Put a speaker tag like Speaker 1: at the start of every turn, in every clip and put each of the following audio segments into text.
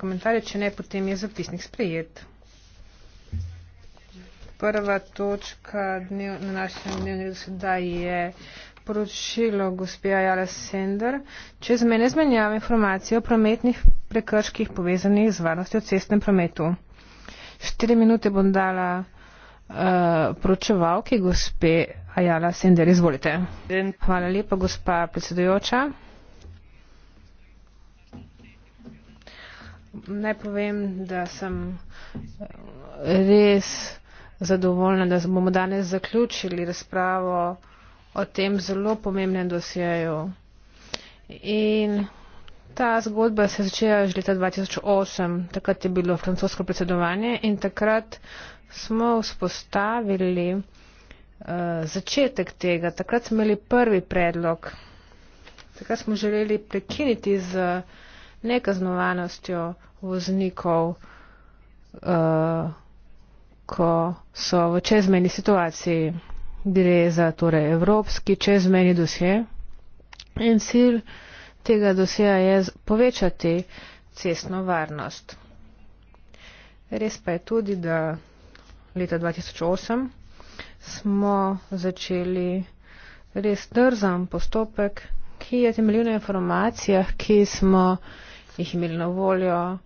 Speaker 1: komentarje, če ne, potem je zapisnik sprejet. Prva točka dnev, na našem dnevnem redu sedaj je poročilo gospe Ajala Sender. Če z mene zmenjava informacije o prometnih prekrških povezanih z varnostjo v cestnem prometu. Štiri minute bom dala uh, poročevalki gospe Ajala Sender. Izvolite. Hvala lepa, gospa predsedujoča. naj povem, da sem eh, res zadovoljna, da bomo danes zaključili razpravo o tem zelo pomembnem dosjeju. In ta zgodba se je začela že leta 2008, takrat je bilo francosko predsedovanje in takrat smo vzpostavili uh, začetek tega. Takrat smo imeli prvi predlog. Takrat smo želeli prekiniti z. Uh, nekaznovanostjo voznikov, uh, ko so v čezmeni situaciji. Gre za torej evropski čezmeni dosje in cilj tega dosja je povečati cestno varnost. Res pa je tudi, da leta 2008 smo začeli res drzan postopek, ki je temeljil na informacijah, ki smo uh, jih imeli na voljo.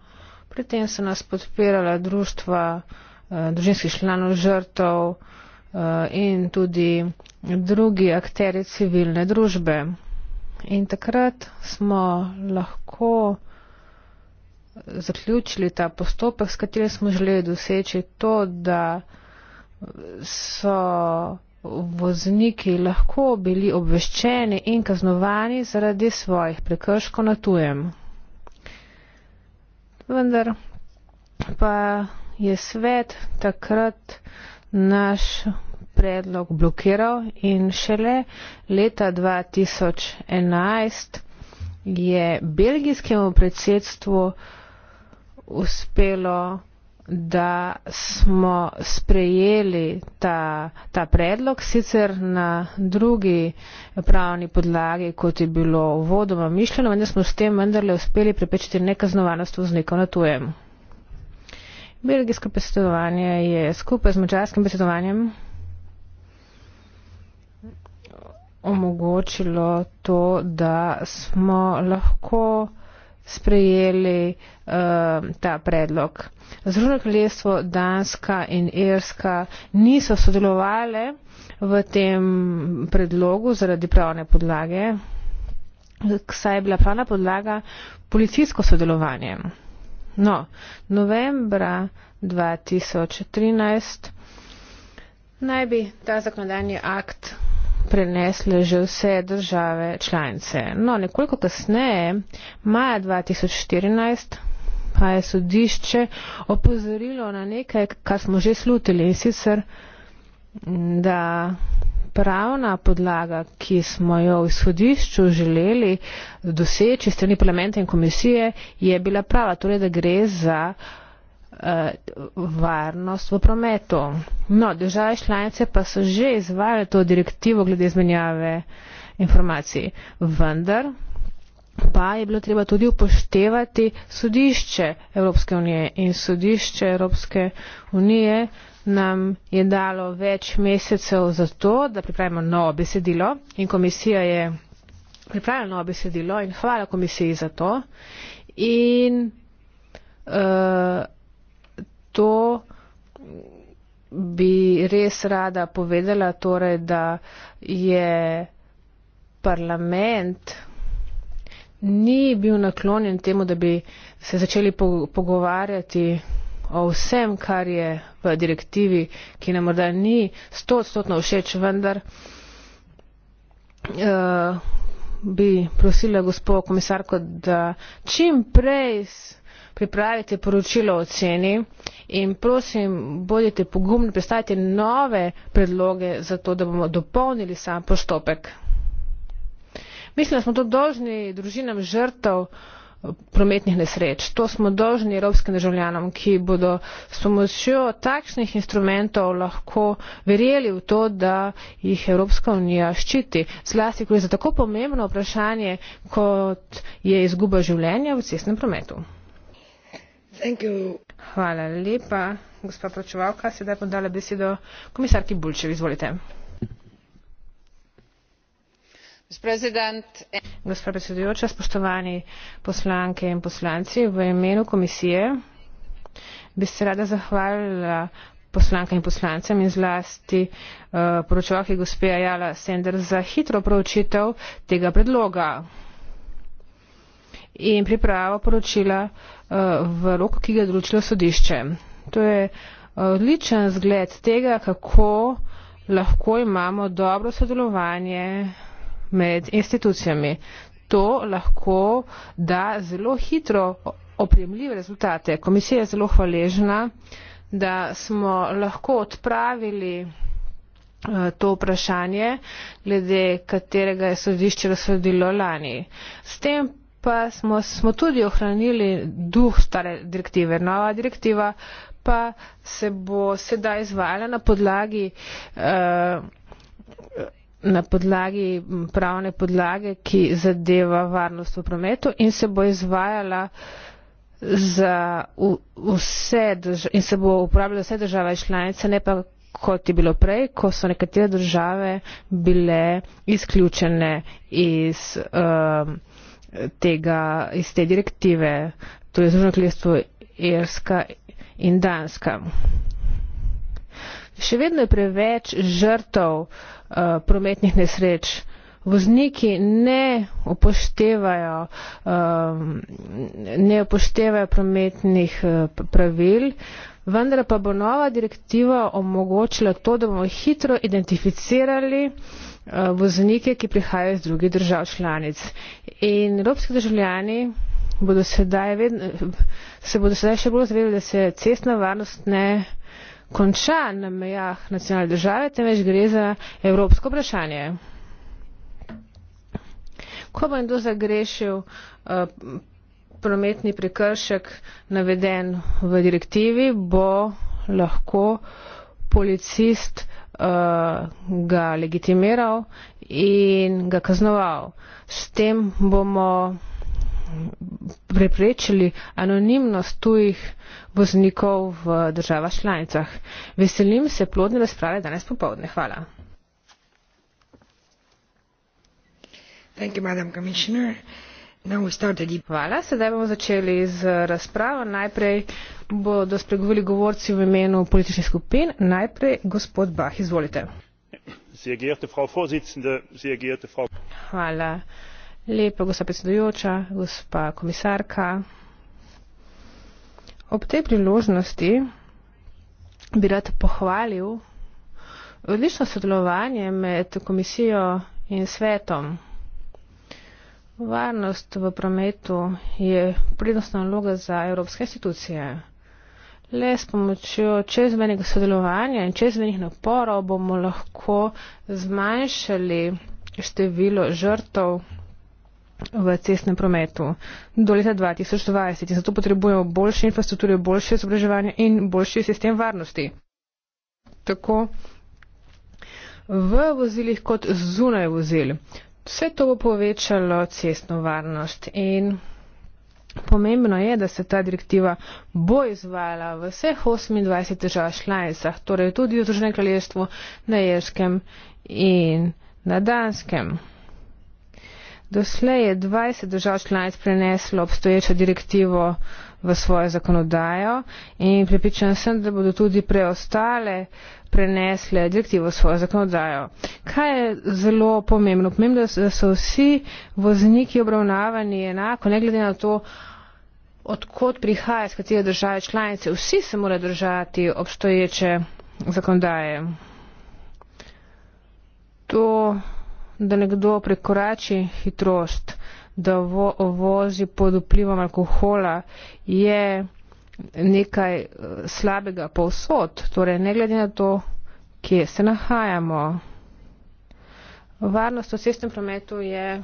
Speaker 1: Pri tem so nas podpirala društva eh, družinskih članov žrtov eh, in tudi drugi akteri civilne družbe. In takrat smo lahko zaključili ta postopek, s katerim smo želeli doseči to, da so vozniki lahko bili obveščeni in kaznovani zaradi svojih prekrškov na tujem vendar pa je svet takrat naš predlog blokiral in šele leta 2011 je belgijskemu predsedstvu uspelo da smo sprejeli ta, ta predlog, sicer na drugi pravni podlagi, kot je bilo vodoma mišljeno, vendar smo s tem vendarle uspeli prepečiti nekaznovanost voznikov na tujem. Belgijsko predsedovanje je skupaj z mačarskim predsedovanjem omogočilo to, da smo lahko sprejeli uh, ta predlog. Združeno kraljestvo Danska in Irska niso sodelovali v tem predlogu zaradi pravne podlage, saj je bila pravna podlaga policijsko sodelovanje. No, novembra 2013 naj bi ta zakonodajni akt prenesle že vse države članice. No, nekoliko kasneje, maja 2014, pa je sodišče opozorilo na nekaj, kar smo že slutili in sicer, da pravna podlaga, ki smo jo v sodišču želeli doseči strani parlamenta in komisije, je bila prava. Torej, da gre za uh, varnost v prometu. No, države članice pa so že izvajale to direktivo glede izmenjave informacij, vendar pa je bilo treba tudi upoštevati sodišče Evropske unije in sodišče Evropske unije nam je dalo več mesecev za to, da pripravimo novo besedilo in komisija je pripravila novo besedilo in hvala komisiji za to. In uh, to bi res rada povedala, torej, da je parlament ni bil naklonjen temu, da bi se začeli pogovarjati o vsem, kar je v direktivi, ki nam morda ni sto odstotno všeč, vendar uh, bi prosila gospod komisarko, da čim prej pripravite poročilo o ceni in prosim, bodite pogumni, predstavite nove predloge za to, da bomo dopolnili sam postopek. Mislim, da smo to dolžni družinam žrtev eh, prometnih nesreč. To smo dolžni evropskim državljanom, ki bodo s pomočjo takšnih instrumentov lahko verjeli v to, da jih Evropska unija ščiti. Zlasti, ko je za tako pomembno vprašanje, kot je izguba življenja v cestnem prometu. Hvala lepa, gospa pročevalka. Sedaj bom dala besedo komisarki Bulčevi. Izvolite. Gospa predsedujoča, spoštovani poslanke in poslanci, v imenu komisije bi se rada zahvalila poslankam in poslancem in zlasti uh, poročevalki gospe Ajala Sender za hitro proučitev tega predloga in pripravo poročila eh, v roku, ki ga je določilo sodišče. To je eh, odličen zgled tega, kako lahko imamo dobro sodelovanje med institucijami. To lahko da zelo hitro opremljive rezultate. Komisija je zelo hvaležna, da smo lahko odpravili eh, to vprašanje, glede katerega je sodišče razsodilo lani. S tem pa smo, smo tudi ohranili duh stare direktive. Nova direktiva pa se bo sedaj izvajala na podlagi, eh, na podlagi pravne podlage, ki zadeva varnost v prometu in se bo izvajala za vse in se bo uporabljala vse države članice, ne pa kot je bilo prej, ko so nekatere države bile izključene iz. Uh, tega, iz te direktive, to je Združeno kraljestvo Irska in Danska. Še vedno je preveč žrtov uh, eh, prometnih nesreč. Vozniki ne upoštevajo, um, ne upoštevajo prometnih uh, pravil, vendar pa bo nova direktiva omogočila to, da bomo hitro identificirali uh, Eh, voznike, ki prihajajo iz drugih držav članic. In evropski državljani bodo sedaj vedno, se bodo sedaj še bolj zavedali, da se cestna varnost ne konča na mejah nacionalne države, temveč gre za evropsko vprašanje. Ko bo kdo zagrešil uh, prometni prekršek naveden v direktivi, bo lahko policist uh, Eh, ga legitimiral in ga kaznoval. S tem bomo preprečili anonimnost tujih voznikov v državah članicah. Veselim se plodne razprave danes popovdne. Hvala. Thank you, Madam Commissioner. Hvala. Sedaj bomo začeli z razpravo. Najprej bodo spregovili govorci v imenu političnih skupin. Najprej gospod Bah, izvolite. Hvala. Lepo, gospa predsedujoča, gospa komisarka. Ob tej priložnosti bi rad pohvalil odlično sodelovanje med komisijo in svetom. Varnost v prometu je prednostna naloga za evropske institucije. Le s pomočjo čezmenjega sodelovanja in čezmenjih naporov bomo lahko zmanjšali število žrtov v cestnem prometu do leta 2020 in zato potrebujemo boljše infrastrukture, boljše izobraževanje in boljši sistem varnosti. Tako v vozilih kot zunaj vozil. Vse to bo povečalo cestno varnost in pomembno je, da se ta direktiva bo izvajala v vseh 28 držav članicah, torej tudi v Združenem kraljestvu, na Jerskem in na Danskem. Doslej je 20 držav članic preneslo obstoječo direktivo uh, v svojo zakonodajo in pripričan sem, da bodo tudi preostale prenesle direktivo v svojo zakonodajo. Kaj je zelo pomembno? Pomembno je, da so vsi vozniki obravnavani enako, ne glede na to, odkot prihaja, iz katere države članice. Vsi se morajo držati obstoječe zakonodaje. To, da nekdo prekorači hitrost, da vo, vozi pod vplivom alkohola, je nekaj eh, slabega povsod. Torej, ne glede na to, kje se nahajamo. Varnost v cestnem prometu je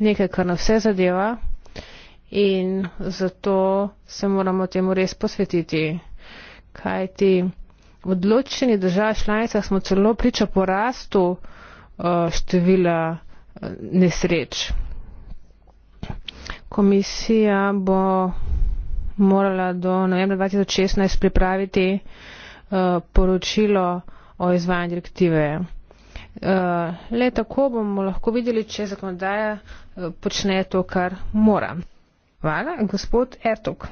Speaker 1: nekaj, kar nas vse zadeva in zato se moramo temu res posvetiti. Kaj ti v odločeni državi članicah smo celo priča porastu eh, števila eh, nesreč komisija bo morala do novembra 2016 pripraviti uh, poročilo o izvajanju direktive. Uh, le tako bomo lahko videli, če zakonodaja uh, počne to, kar mora. Hvala, gospod Ertok.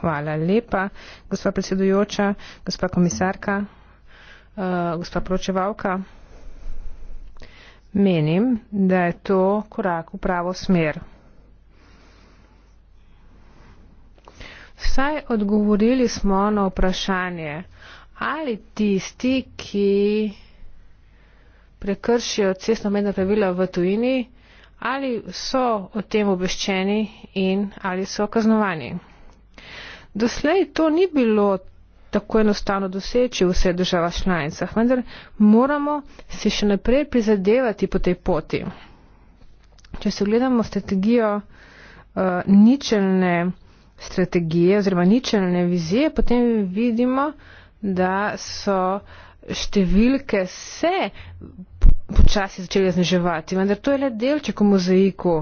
Speaker 1: Hvala lepa, gospa predsedujoča, gospa komisarka, uh, gospa pročevalka. Menim, da je to korak v pravo smer. Saj odgovorili smo na vprašanje, ali tisti, ki prekršijo cestno medna pravila v tujini, ali so o tem obveščeni in ali so kaznovani. Doslej to ni bilo tako enostavno doseči v vseh državah članicah, vendar moramo se še naprej prizadevati po tej poti. Če se ogledamo strategijo uh, ničelne strategije oziroma ničelne vizije, potem vidimo, da so številke se počasi začele zniževati, vendar to je le delček v mozaiku.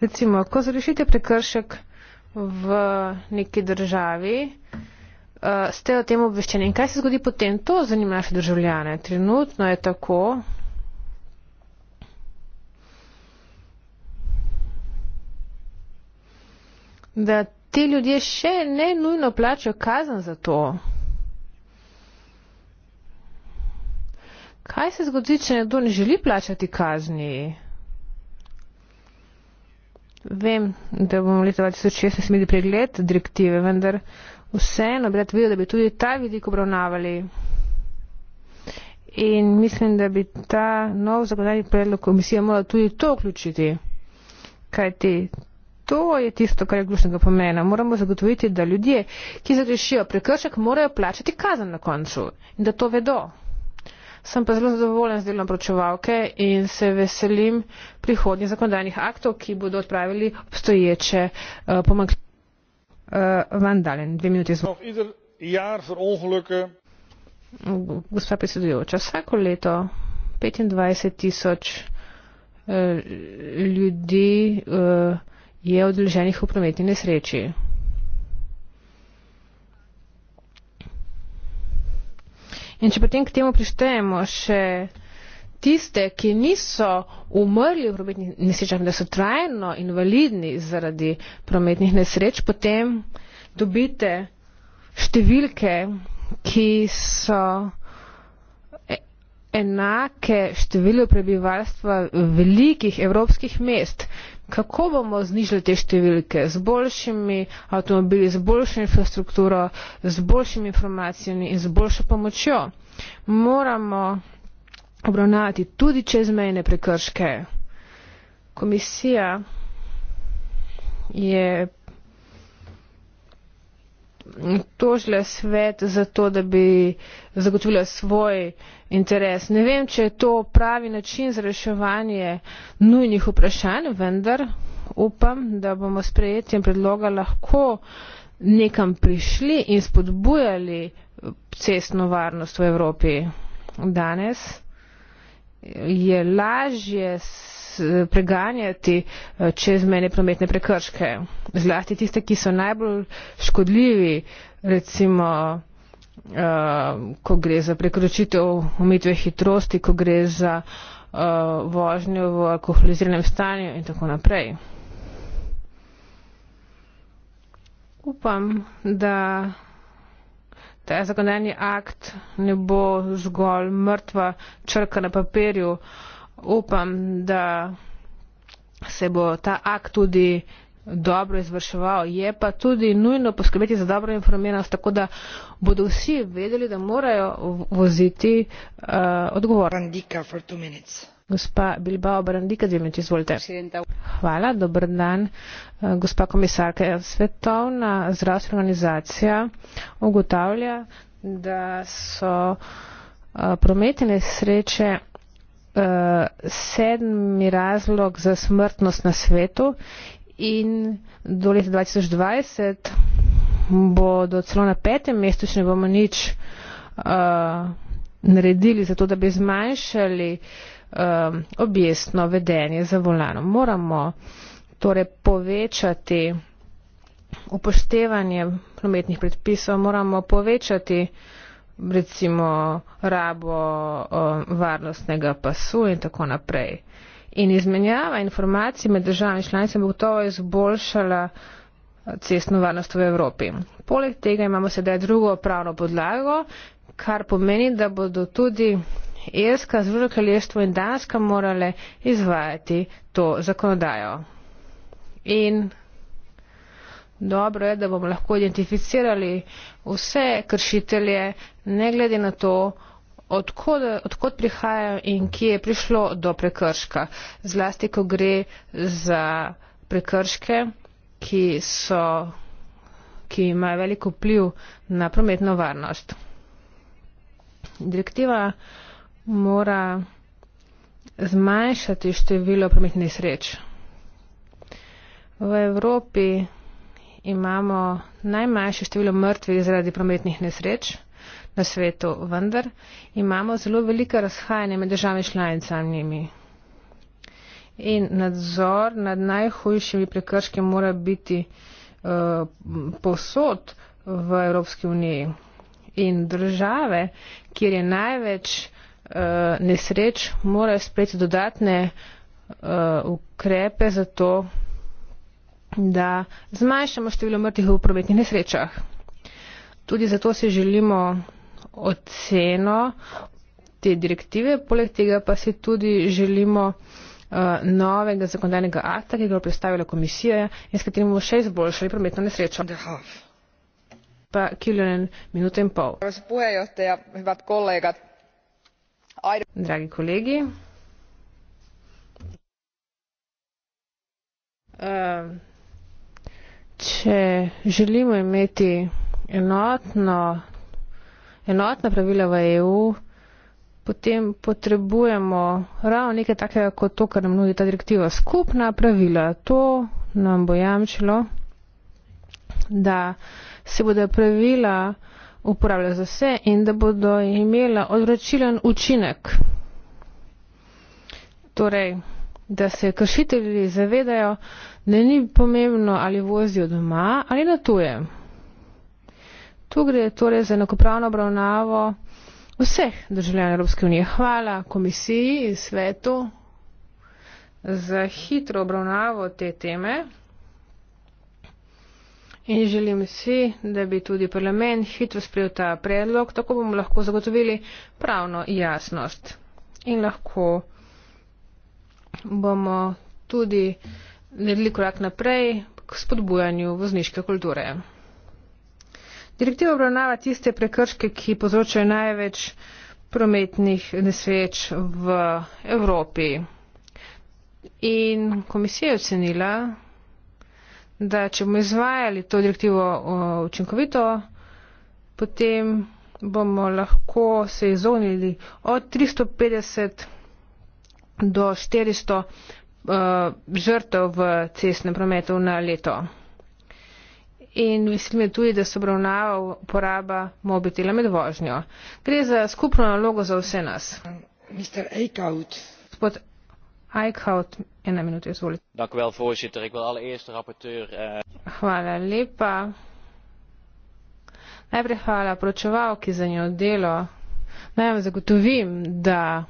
Speaker 1: Recimo, ko zrešite prekršek v neki državi, eh, ste o tem obveščeni. In kaj se zgodi potem? To zanima naše državljane. Trenutno je tako, da ti ljudje še ne nujno plačajo kazen za to. Kaj se zgodi, če nekdo ne želi plačati kazni? Vem, da bomo leta 2016 imeli pregled direktive, vendar vseeno bi rad videl, da bi tudi ta vidik obravnavali. In mislim, da bi ta nov zakonodajni predlog komisije moral tudi to vključiti. Kajti To je tisto, kar je ključnega pomena. Moramo zagotoviti, da ljudje, ki zagrešijo prekršek, morajo plačati kazen na koncu in da to vedo. Sem pa zelo zadovoljen z delom pročevalke in se veselim prihodnjih zakonodajnih aktov, ki bodo odpravili obstoječe uh, eh, pomankljivosti. Uh, eh, van Dalen, dve minuti izvolite. Gospa predsedujoča, vsako leto 25 tisoč uh, ljudi. Uh, je odloženih v prometni nesreči. In če potem k temu prištejemo še tiste, ki niso umrli v prometnih nesrečah, da so trajno invalidni zaradi prometnih nesreč, potem dobite številke, ki so e-, enake številu prebivalstva velikih evropskih mest kako bomo znižali te številke z boljšimi avtomobili, z boljšo infrastrukturo, z boljšimi informacijami in z boljšo pomočjo. Moramo obravnavati tudi čezmejne prekrške. Komisija je tožile svet za to, da bi zagotovila svoj interes. Ne vem, če je to pravi način za reševanje nujnih vprašanj, vendar upam, da bomo s prejetjem predloga lahko nekam prišli in spodbujali cestno varnost v Evropi. Danes je lažje preganjati eh, čezmene prometne prekrške, zlasti tiste, ki so najbolj škodljivi, recimo, eh, ko gre za prekročitev omitve hitrosti, ko gre za eh, vožnjo v alkoholiziranem stanju in tako naprej. Upam, da ta zakonodajni akt ne bo zgolj mrtva črka na papirju upam, da se bo ta akt tudi dobro izvrševal. Je pa tudi nujno poskrbeti za dobro informiranost, tako da bodo vsi vedeli, da morajo voziti uh, odgovor. Brandika, gospa Bilbao Brandika, dve minuti, izvolite. Hvala, dober dan. Eh, gospa komisarka, svetovna zdravstvena organizacija ugotavlja, da so uh, prometne sreče Eh, sedmi razlog za smrtnost na svetu in do leta 2020 bodo celo na petem mestu, če ne bomo nič uh, naredili za to, da bi zmanjšali uh, eh, objestno vedenje za volano. Moramo torej povečati upoštevanje prometnih predpisov, moramo povečati uh, recimo rabo varnostnega pasu in tako naprej. In izmenjava informacij med državami članicami bo to izboljšala cestno varnost v Evropi. Poleg tega imamo sedaj drugo pravno podlago, kar pomeni, da bodo tudi Irska, Združeno kraljestvo in Danska morale izvajati to zakonodajo. In Dobro je, da bomo lahko identificirali vse kršitelje, ne glede na to, odkod, odkod prihajajo in kje je prišlo do prekrška. Zlasti, ko gre za prekrške, ki, so, ki imajo veliko pliv na prometno varnost. Direktiva mora zmanjšati število prometnih sreč. V Evropi imamo najmanjše število mrtvih zaradi prometnih nesreč na svetu, vendar imamo zelo velika razhajanja med državami članicami. In nadzor nad najhujšimi prekrški mora biti uh, eh, posod v Evropski uniji. In države, kjer je največ uh, nesreč, morajo sprejeti dodatne uh, ukrepe za to, da zmanjšamo število mrtvih v prometnih nesrečah. Tudi zato si želimo oceno te direktive, poleg tega pa si tudi želimo uh, novega zakonodajnega akta, ki ga je predstavila komisija in s katerim bomo še izboljšali prometno nesrečo. Pa kiljonen minuto in pol. Dragi kolegi. Uh, če želimo imeti enotno, enotna pravila v EU, potem potrebujemo ravno nekaj takega kot to, kar nam nudi ta direktiva. Skupna pravila, to nam bo jamčilo, da se bodo pravila uporabljala za vse in da bodo imela odvračilen učinek. Torej, da se kršitelji zavedajo, da ni pomembno, ali vozijo doma ali na tuje. Tu gre torej za enakopravno obravnavo vseh državljanov Evropske unije. Hvala komisiji in svetu za hitro obravnavo te teme. In želim si, da bi tudi parlament hitro sprejel ta predlog, tako bomo lahko zagotovili pravno jasnost. In lahko bomo tudi. Mm naredili korak naprej k spodbujanju vozniške kulture. Direktiva obravnava tiste prekrške, ki povzročajo največ prometnih nesreč v Evropi. In komisija je ocenila, da če bomo izvajali to direktivo učinkovito, potem bomo lahko se izognili od 350 do 400 uh, žrtev v cestnem prometu na leto. In mislim je tudi, da se obravnava uporaba mobitela med vožnjo. Gre za skupno nalogo za vse nas. Gospod Eichhout, ena minuta, izvolite. Eh, hvala lepa. Najprej hvala pročevalki za njo delo. Naj vam zagotovim, da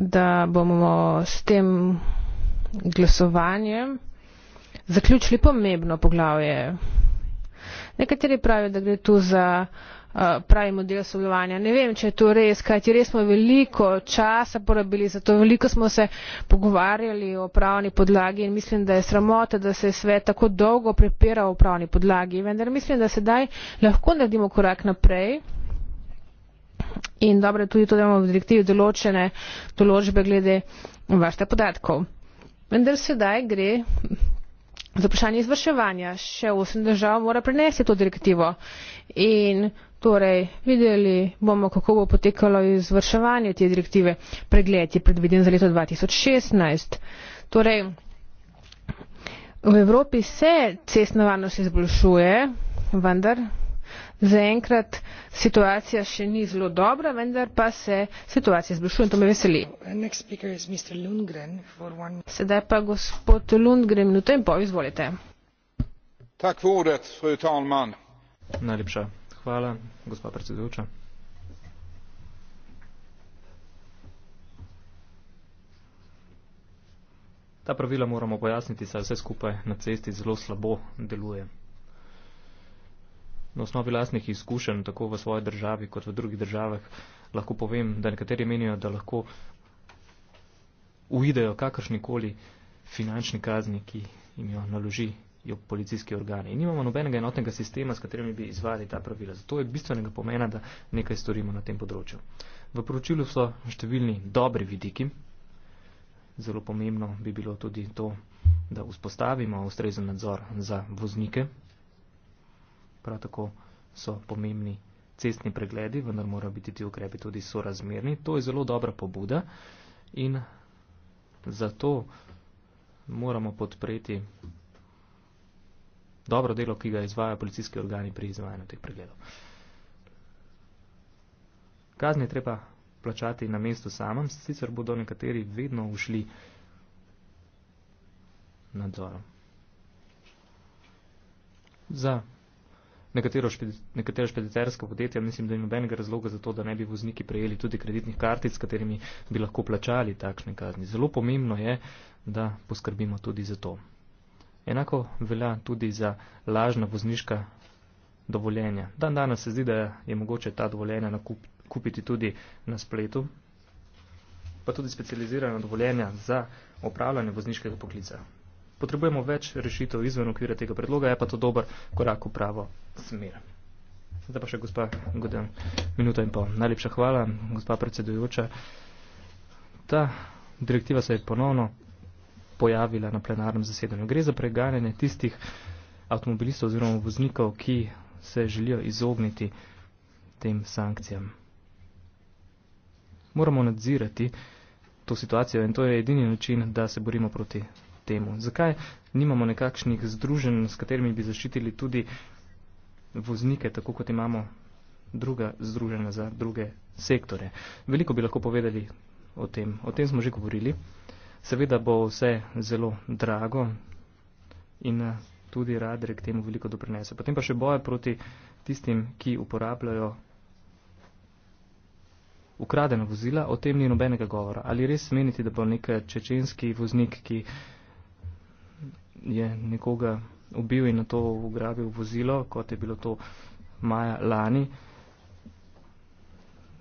Speaker 1: da bomo s tem glasovanjem zaključili pomembno poglavje. Nekateri pravijo, da gre tu za pravi model sodelovanja. Ne vem, če je to res, kajti res smo veliko časa porabili za to, veliko smo se pogovarjali o pravni podlagi in mislim, da je sramota, da se je svet tako dolgo prepiral o pravni podlagi, vendar mislim, da sedaj lahko naredimo korak naprej in dobro je tudi to, da imamo v direktivi določene določbe glede varstva podatkov. Vendar sedaj gre za vprašanje izvrševanja. Še osem držav mora prenesti to direktivo. In torej videli bomo, kako bo potekalo izvrševanje te direktive. Pregled je predviden za leto 2016. Torej, v Evropi se cestna varnost izboljšuje, vendar Zaenkrat situacija še ni zelo dobra, vendar pa se situacija zboljšuje in to me veseli. Sedaj pa gospod Lundgren, minuto in pol, izvolite.
Speaker 2: Tak vodet, fru Talman.
Speaker 3: Najlepša hvala, gospod predsedujoča. Ta pravila moramo pojasniti, saj vse skupaj na cesti zelo slabo deluje na osnovi lastnih izkušenj, tako v svoji državi kot v drugih državah, lahko povem, da nekateri menijo, da lahko uidejo kakršnikoli finančni kazni, ki jim jo naloži jo policijski organi. In nimamo nobenega enotnega sistema, s katerim bi izvali ta pravila. Zato je bistvenega pomena, da nekaj storimo na tem področju. V poročilu so številni dobri vidiki. Zelo pomembno bi bilo tudi to, da vzpostavimo ustrezen nadzor za voznike, prav tako so pomembni cestni pregledi, vendar morajo biti ti ukrepi tudi sorazmerni. To je zelo dobra pobuda in zato moramo podpreti dobro delo, ki ga izvaja policijski organi pri izvajanju teh pregledov. Kazni je treba plačati na mestu samem, sicer bodo nekateri vedno ušli nadzorom. Za nekatera špediterska podjetja, mislim, da ni nobenega razloga za to, da ne bi vozniki prejeli tudi kreditnih kartic, s katerimi bi lahko plačali takšne kazni. Zelo pomembno je, da poskrbimo tudi za to. Enako velja tudi za lažna vozniška dovoljenja. Dan danes se zdi, da je mogoče ta dovoljenja nakup, kupiti tudi na spletu, pa tudi specializirana dovoljenja za opravljanje vozniškega poklica potrebujemo več rešitev izven okvira tega predloga, je pa to dober korak v pravo smer. Zdaj pa še gospa Godem, minuto in pol. Najlepša hvala, gospa predsedujoča. Ta direktiva se je ponovno pojavila na plenarnem zasedanju. Gre za preganjanje tistih avtomobilistov oziroma voznikov, ki se želijo izogniti tem sankcijam. Moramo nadzirati to situacijo in to je edini način, da se borimo proti temu? Zakaj nimamo nekakšnih združenj, s katerimi bi zaščitili tudi voznike, tako kot imamo druga združenja za druge sektore? Veliko bi lahko povedali o tem. O tem smo že govorili. Seveda bo vse zelo drago in eh, tudi radere k temu veliko doprinese. Potem pa še boje proti tistim, ki uporabljajo ukradena vozila, o tem ni nobenega govora. Ali res meniti, da bo nek eh, čečenski voznik, ki je nekoga ubil in na to ugrabil vozilo, kot je bilo to maja lani.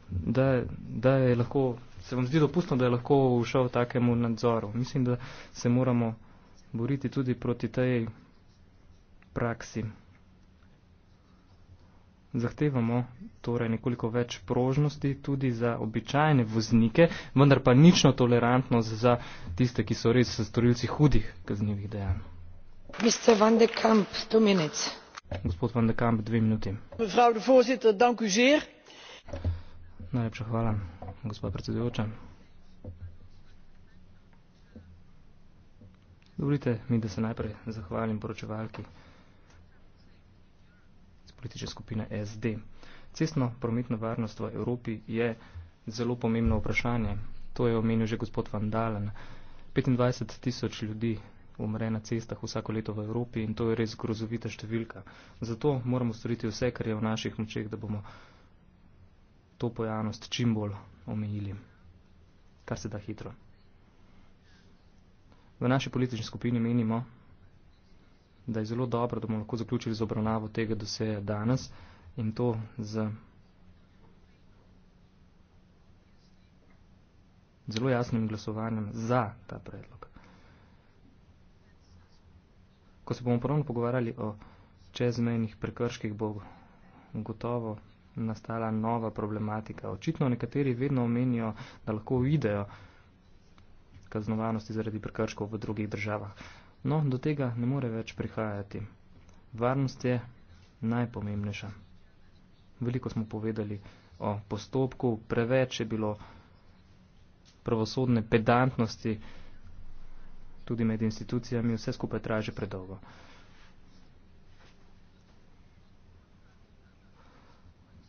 Speaker 3: Da, da je lahko, se vam zdi dopustno, da je lahko ušel takemu nadzoru. Mislim, da se moramo boriti tudi proti tej praksi zahtevamo torej nekoliko več prožnosti tudi za običajne voznike, vendar pa nično tolerantnost za tiste, ki so res storilci hudih kaznjivih dejanj.
Speaker 4: Mr. Van de Kamp,
Speaker 1: two minutes.
Speaker 3: Gospod Van de Kamp, dve minuti.
Speaker 1: Mevrouw de voorzitter, dank u zeer.
Speaker 3: Najlepša hvala, gospod predsedujoča. Dovolite mi, da se najprej zahvalim poročevalki politične skupine SD. Cestno prometno varnost v Evropi je zelo pomembno vprašanje. To je omenil že gospod Van Dalen. 25 tisoč ljudi umre na cestah vsako leto v Evropi in to je res grozovita številka. Zato moramo storiti vse, kar je v naših močeh, da bomo to pojavnost čim bolj omejili, kar se da hitro. V naši politični skupini menimo, da je zelo dobro, da bomo lahko zaključili z obravnavo tega doseja danes in to z zelo jasnim glasovanjem za ta predlog. Ko se bomo ponovno pogovarjali o čezmejnih prekrških, bo gotovo nastala nova problematika. Očitno nekateri vedno omenijo, da lahko videjo kaznovanosti zaradi prekrškov v drugih državah. No, do tega ne more več prihajati. Varnost je najpomembnejša. Veliko smo povedali o postopku, preveč je bilo pravosodne pedantnosti tudi med institucijami, vse skupaj traže predolgo.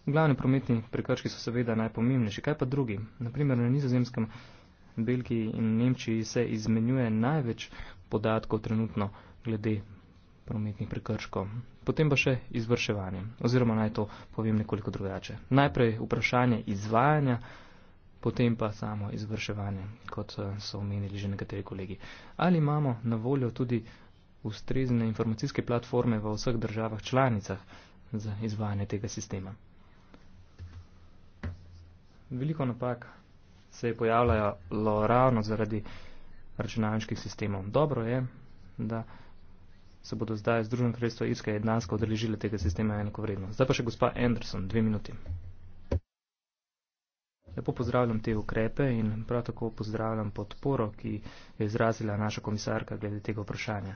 Speaker 3: Glavni prometni prekrški so seveda najpomembnejši. Kaj pa drugi? Naprimer, na nizozemskem, Belgiji in Nemčiji se izmenjuje največ podatkov trenutno glede prometnih prekrškov. Potem pa še izvrševanje, oziroma naj to povem nekoliko drugače. Najprej vprašanje izvajanja, potem pa samo izvrševanje, kot eh, so omenili že nekateri kolegi. Ali imamo na voljo tudi ustrezne informacijske platforme v vseh državah članicah za izvajanje tega sistema? Veliko napak se je pojavljalo ravno zaradi računalniških sistemov. Dobro je, da se bodo zdaj Združeno kraljestvo Irska in Danska odeležile tega sistema enako vredno. Zdaj pa še gospa Anderson, dve minuti. Lepo pozdravljam te ukrepe in prav tako pozdravljam podporo, ki je izrazila naša komisarka glede tega vprašanja.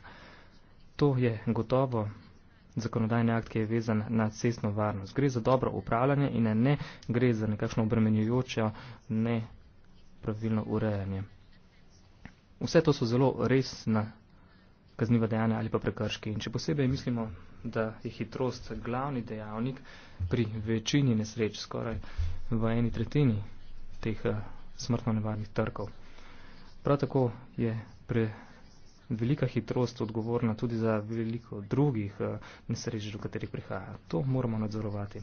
Speaker 3: To je gotovo zakonodajni akt, ki je vezan na cestno varnost. Gre za dobro upravljanje in ne gre za nekakšno obremenjujoče, ne pravilno urejanje. Vse to so zelo resna kazniva dejanja ali pa prekrški. In če posebej mislimo, da je hitrost glavni dejavnik pri večini nesreč, skoraj v eni tretjini teh eh, smrtno nevarnih trkov. Prav tako je pre velika hitrost odgovorna tudi za veliko drugih eh, nesreč, do katerih prihaja. To moramo nadzorovati.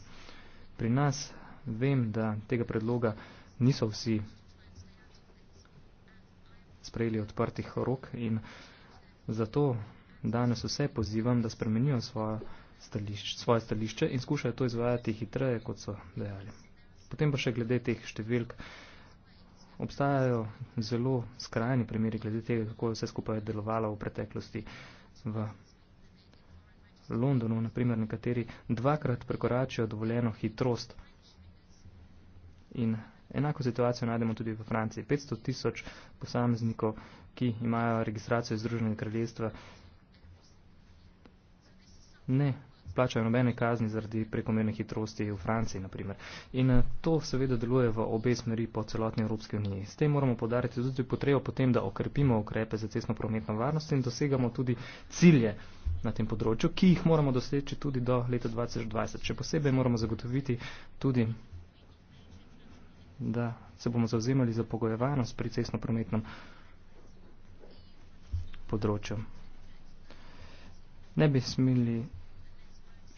Speaker 3: Pri nas vem, da tega predloga niso vsi sprejeli odprtih rok in zato danes vse pozivam, da spremenijo svoje, stališč, svoje stališče in skušajo to izvajati hitreje, kot so dejali. Potem pa še glede teh številk. Obstajajo zelo skrajni primeri glede tega, kako je vse skupaj delovalo v preteklosti. V Londonu, naprimer, nekateri dvakrat prekoračijo dovoljeno hitrost in Enako situacijo najdemo tudi v Franciji. 500 tisoč posameznikov, ki imajo registracijo Združenega kraljestva, ne plačajo nobene kazni zaradi prekomerne hitrosti v Franciji, naprimer. In eh, to seveda deluje v obe smeri po celotni Evropski uniji. S tem moramo podariti tudi potrebo potem, da okrepimo ukrepe za cestno prometno varnost in dosegamo tudi cilje na tem področju, ki jih moramo doseči tudi do leta 2020. Še posebej moramo zagotoviti tudi da se bomo zavzemali za pogojevanost pri cestno-prometnem področju. Ne bi smeli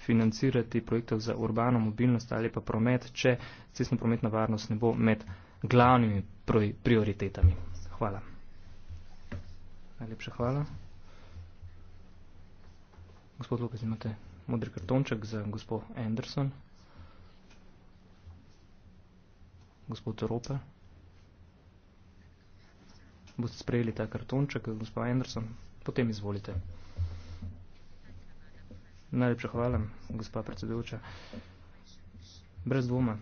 Speaker 3: financirati projektov za urbano mobilnost ali pa promet, če cestno-prometna varnost ne bo med glavnimi prioritetami. Hvala. Najlepša hvala. Gospod Lopez, imate modri kartonček za gospod Anderson. gospod Rope. Boste sprejeli ta kartonček, gospod Anderson, potem izvolite. Najlepša hvala, gospa predsedujoča. Brez dvoma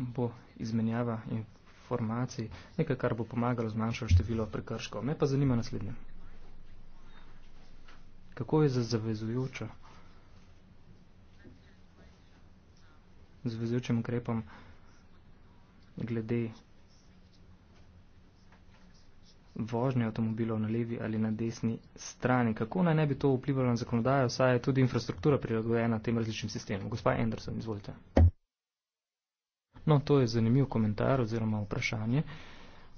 Speaker 3: bo izmenjava informacij nekaj, kar bo pomagalo zmanjšati število prekrškov. Me pa zanima naslednje. Kako je za zavezujoča? Zavezujočim ukrepom glede vožnje avtomobilov na levi ali na desni strani. Kako naj ne bi to vplivalo na zakonodajo, saj je tudi infrastruktura prilagojena tem različnim sistemom? Gospa Anderson, izvolite. No, to je zanimiv komentar oziroma vprašanje.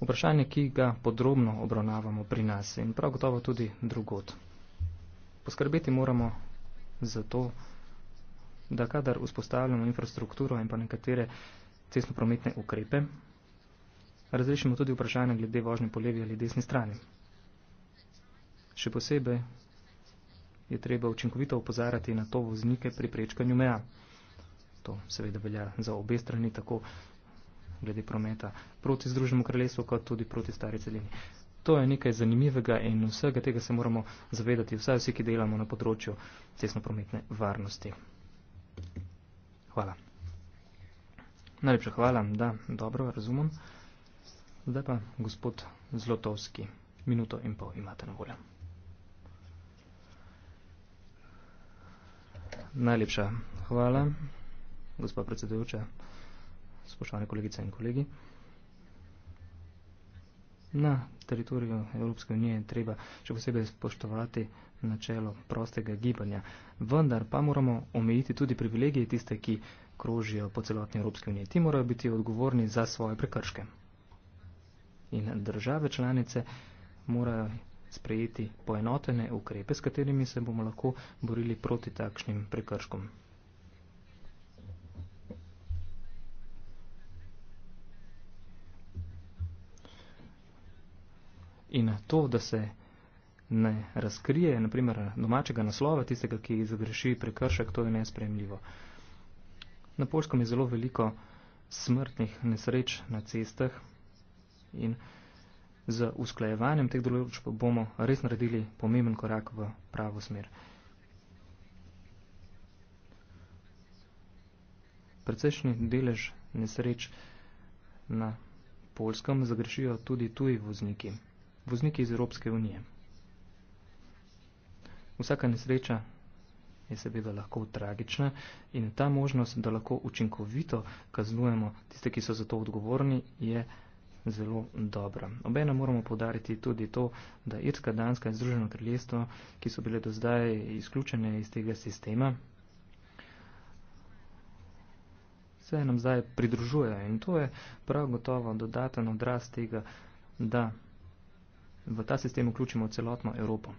Speaker 3: Vprašanje, ki ga podrobno obravnavamo pri nas in prav gotovo tudi drugot. Poskrbeti moramo za to, da kadar vzpostavljamo infrastrukturo in pa nekatere cestnoprometne ukrepe. Razrešimo tudi vprašanje glede vožnje po levi ali desni strani. Še posebej je treba učinkovito opozarjati na to voznike pri prečkanju meja. To seveda velja za obe strani, tako glede prometa proti Združenemu kraljestvu, kot tudi proti stari celini. To je nekaj zanimivega in vsega tega se moramo zavedati vsaj vsi, ki delamo na področju cestnoprometne varnosti. Hvala. Najlepša hvala, da, dobro, razumem. Zdaj pa gospod Zlotovski, minuto in pol imate na voljo. Najlepša hvala, gospod predsedujoča, spoštovane kolegice in kolegi. Na teritoriju Evropske unije treba še posebej spoštovati načelo prostega gibanja, vendar pa moramo omejiti tudi privilegije tiste, ki krožijo po celotni Evropski uniji. Ti morajo biti odgovorni za svoje prekrške. In države članice morajo sprejeti poenotene ukrepe, s katerimi se bomo lahko borili proti takšnim prekrškom. In to, da se ne razkrije, naprimer, domačega naslova, tistega, ki izgreši prekršek, to je nespremljivo. Uh, Na Poljskem je zelo veliko smrtnih nesreč na cestah in z usklajevanjem teh določb bomo res naredili pomemben korak v pravo smer. Precejšnji delež nesreč na Poljskem zagrešijo tudi tuji vozniki, vozniki iz Evropske unije. Vsaka nesreča je seveda lahko tragična in ta možnost, da lahko učinkovito kaznujemo tiste, ki so za to odgovorni, je zelo dobra. Obena moramo podariti tudi to, da Irska, Danska in Združeno kraljestvo, ki so bile do zdaj izključene iz tega sistema, se nam zdaj pridružujejo in to je prav gotovo dodaten odraz tega, da v ta sistem vključimo celotno Evropo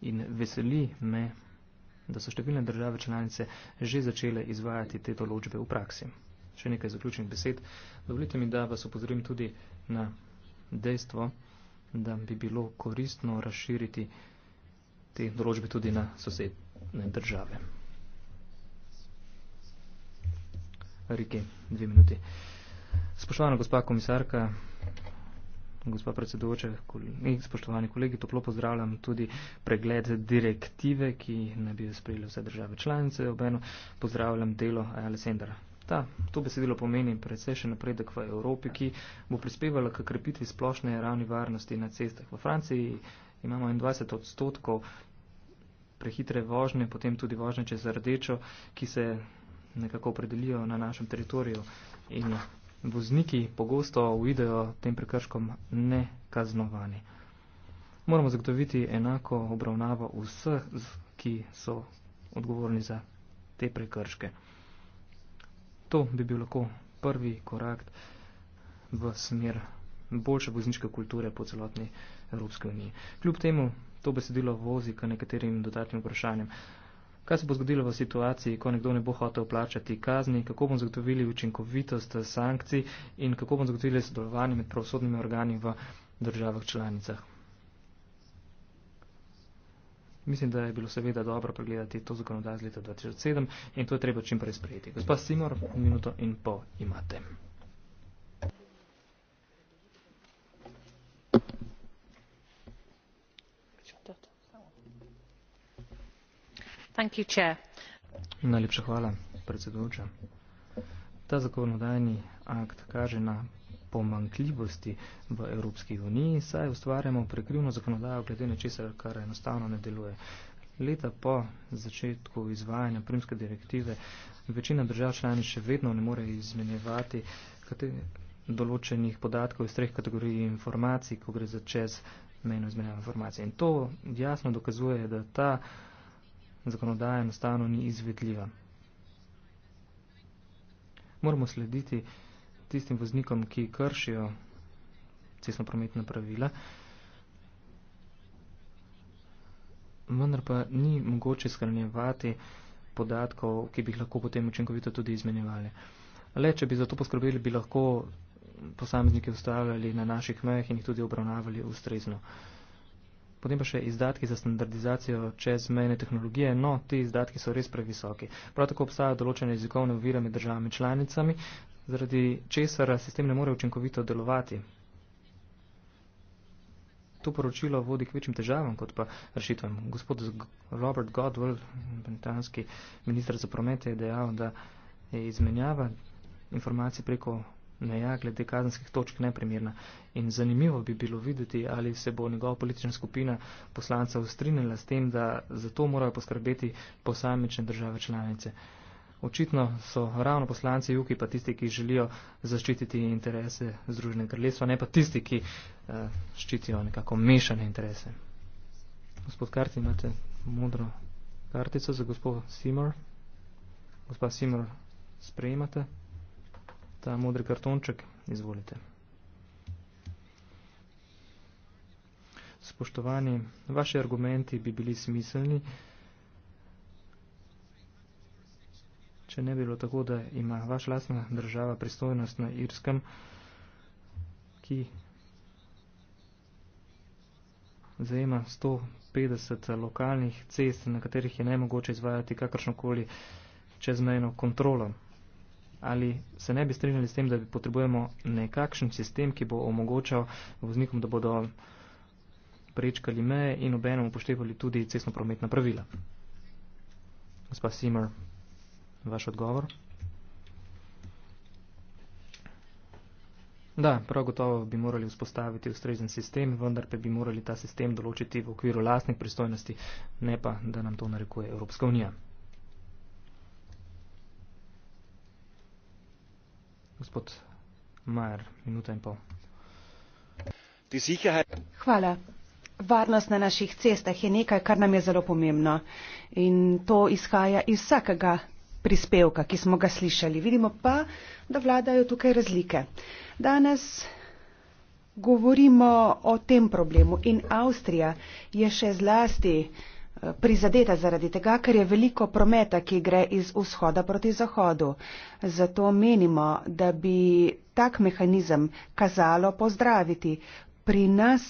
Speaker 3: in veseli me, da so številne države članice že začele izvajati te določbe v praksi. Še nekaj zaključnih besed. Dovolite mi, da vas upozorim tudi na dejstvo, da bi bilo koristno razširiti te določbe tudi na sosedne države. Rike, dve minuti. Spoštovana gospa komisarka, gospod predsedujoče, spoštovani kolegi, toplo pozdravljam tudi pregled direktive, ki naj bi jo sprejeli vse države članice. Obeno pozdravljam delo Alessandra. Ta, to besedilo pomeni predvsej še napredek v Evropi, ki bo prispevala k krepitvi splošne ravni varnosti na cestah. V Franciji imamo 21 odstotkov prehitre vožnje, potem tudi vožnje čez rdečo, ki se nekako opredelijo na našem teritoriju in vozniki pogosto uvidejo tem prekrškom nekaznovani. Moramo zagotoviti enako obravnavo vseh, ki so odgovorni za te prekrške. To bi bil lahko prvi korak v smer boljše vozniške kulture po celotni Evropske unije. Kljub temu to besedilo vozi k nekaterim dodatnim vprašanjem. Kaj se bo zgodilo v situaciji, ko nekdo ne bo hotel plačati kazni, kako bomo zagotovili učinkovitost sankcij in kako bomo zagotovili sodelovanje med pravosodnimi organi v državah članicah? Mislim, da je bilo seveda dobro pregledati to zakonodajo z leta 2007 in to je treba čim prej sprejeti. Gospa Simor, minuto in pol imate. Najlepša hvala, predsedujoča. Ta zakonodajni akt kaže na pomankljivosti v Evropski uniji, saj ustvarjamo prekrivno zakonodajo glede nečesa, kar enostavno ne deluje. Leta po začetku izvajanja primske direktive večina držav članic še vedno ne more izmenjevati določenih podatkov iz treh kategorij informacij, ko gre za čez mejno izmenjavo informacij. In to jasno dokazuje, da ta zakonodaja enostavno ni izvedljiva. Moramo slediti tistim voznikom, ki kršijo cestno prometna pravila, vendar pa ni mogoče skrnjevati podatkov, ki bi jih lahko potem učinkovito tudi izmenjevali. Le, če bi za to poskrbeli, bi lahko posameznike ustavljali na naših mejah in jih tudi obravnavali ustrezno. Potem pa še izdatki za standardizacijo čezmejne tehnologije. No, ti izdatki so res previsoki. Prav tako obstajajo določene jezikovne ovire med državami članicami, zaradi česar sistem ne more učinkovito delovati. To poročilo vodi k večjim težavam, kot pa rešitvam. Gospod Robert Godwell, britanski minister za promete, je dejal, da je izmenjava informacij preko meja glede kazenskih točk neprimerna. In zanimivo bi bilo videti, ali se bo njegova politična skupina poslancev strinjala s tem, da zato morajo poskrbeti posamične države članice. Očitno so ravno poslanci Juki pa tisti, ki želijo zaščititi interese Združene kraljestva, ne pa tisti, ki uh, ščitijo nekako mešane interese. Gospod Karti, imate modro kartico za gospod Simor. Gospod Simor, sprejemate? ta modri kartonček. Izvolite. Spoštovani, vaši argumenti bi bili smiselni, če ne bilo tako, da ima vaš lastna država pristojnost na Irskem, ki zajema 150 lokalnih cest, na katerih je nemogoče izvajati kakršnokoli čezmejno kontrolo ali se ne bi strinjali s tem, da bi potrebujemo nekakšen sistem, ki bo omogočal voznikom, da bodo prečkali meje in obenem upoštevali tudi cestno prometna pravila. Gospa Simer, vaš odgovor. Da, prav gotovo bi morali vzpostaviti ustrezen sistem, vendar pa bi morali ta sistem določiti v okviru lastnih pristojnosti, ne pa, da nam to narekuje Evropska unija. gospod Majer, minuta in pol.
Speaker 5: Hvala. Varnost na naših cestah je nekaj, kar nam je zelo pomembno in to izhaja iz vsakega prispevka, ki smo ga slišali. Vidimo pa, da vladajo tukaj razlike. Danes govorimo o tem problemu in Avstrija je še zlasti prizadeta zaradi tega, ker je veliko prometa, ki gre iz vzhoda proti zahodu. Zato menimo, da bi tak mehanizem kazalo pozdraviti. Pri nas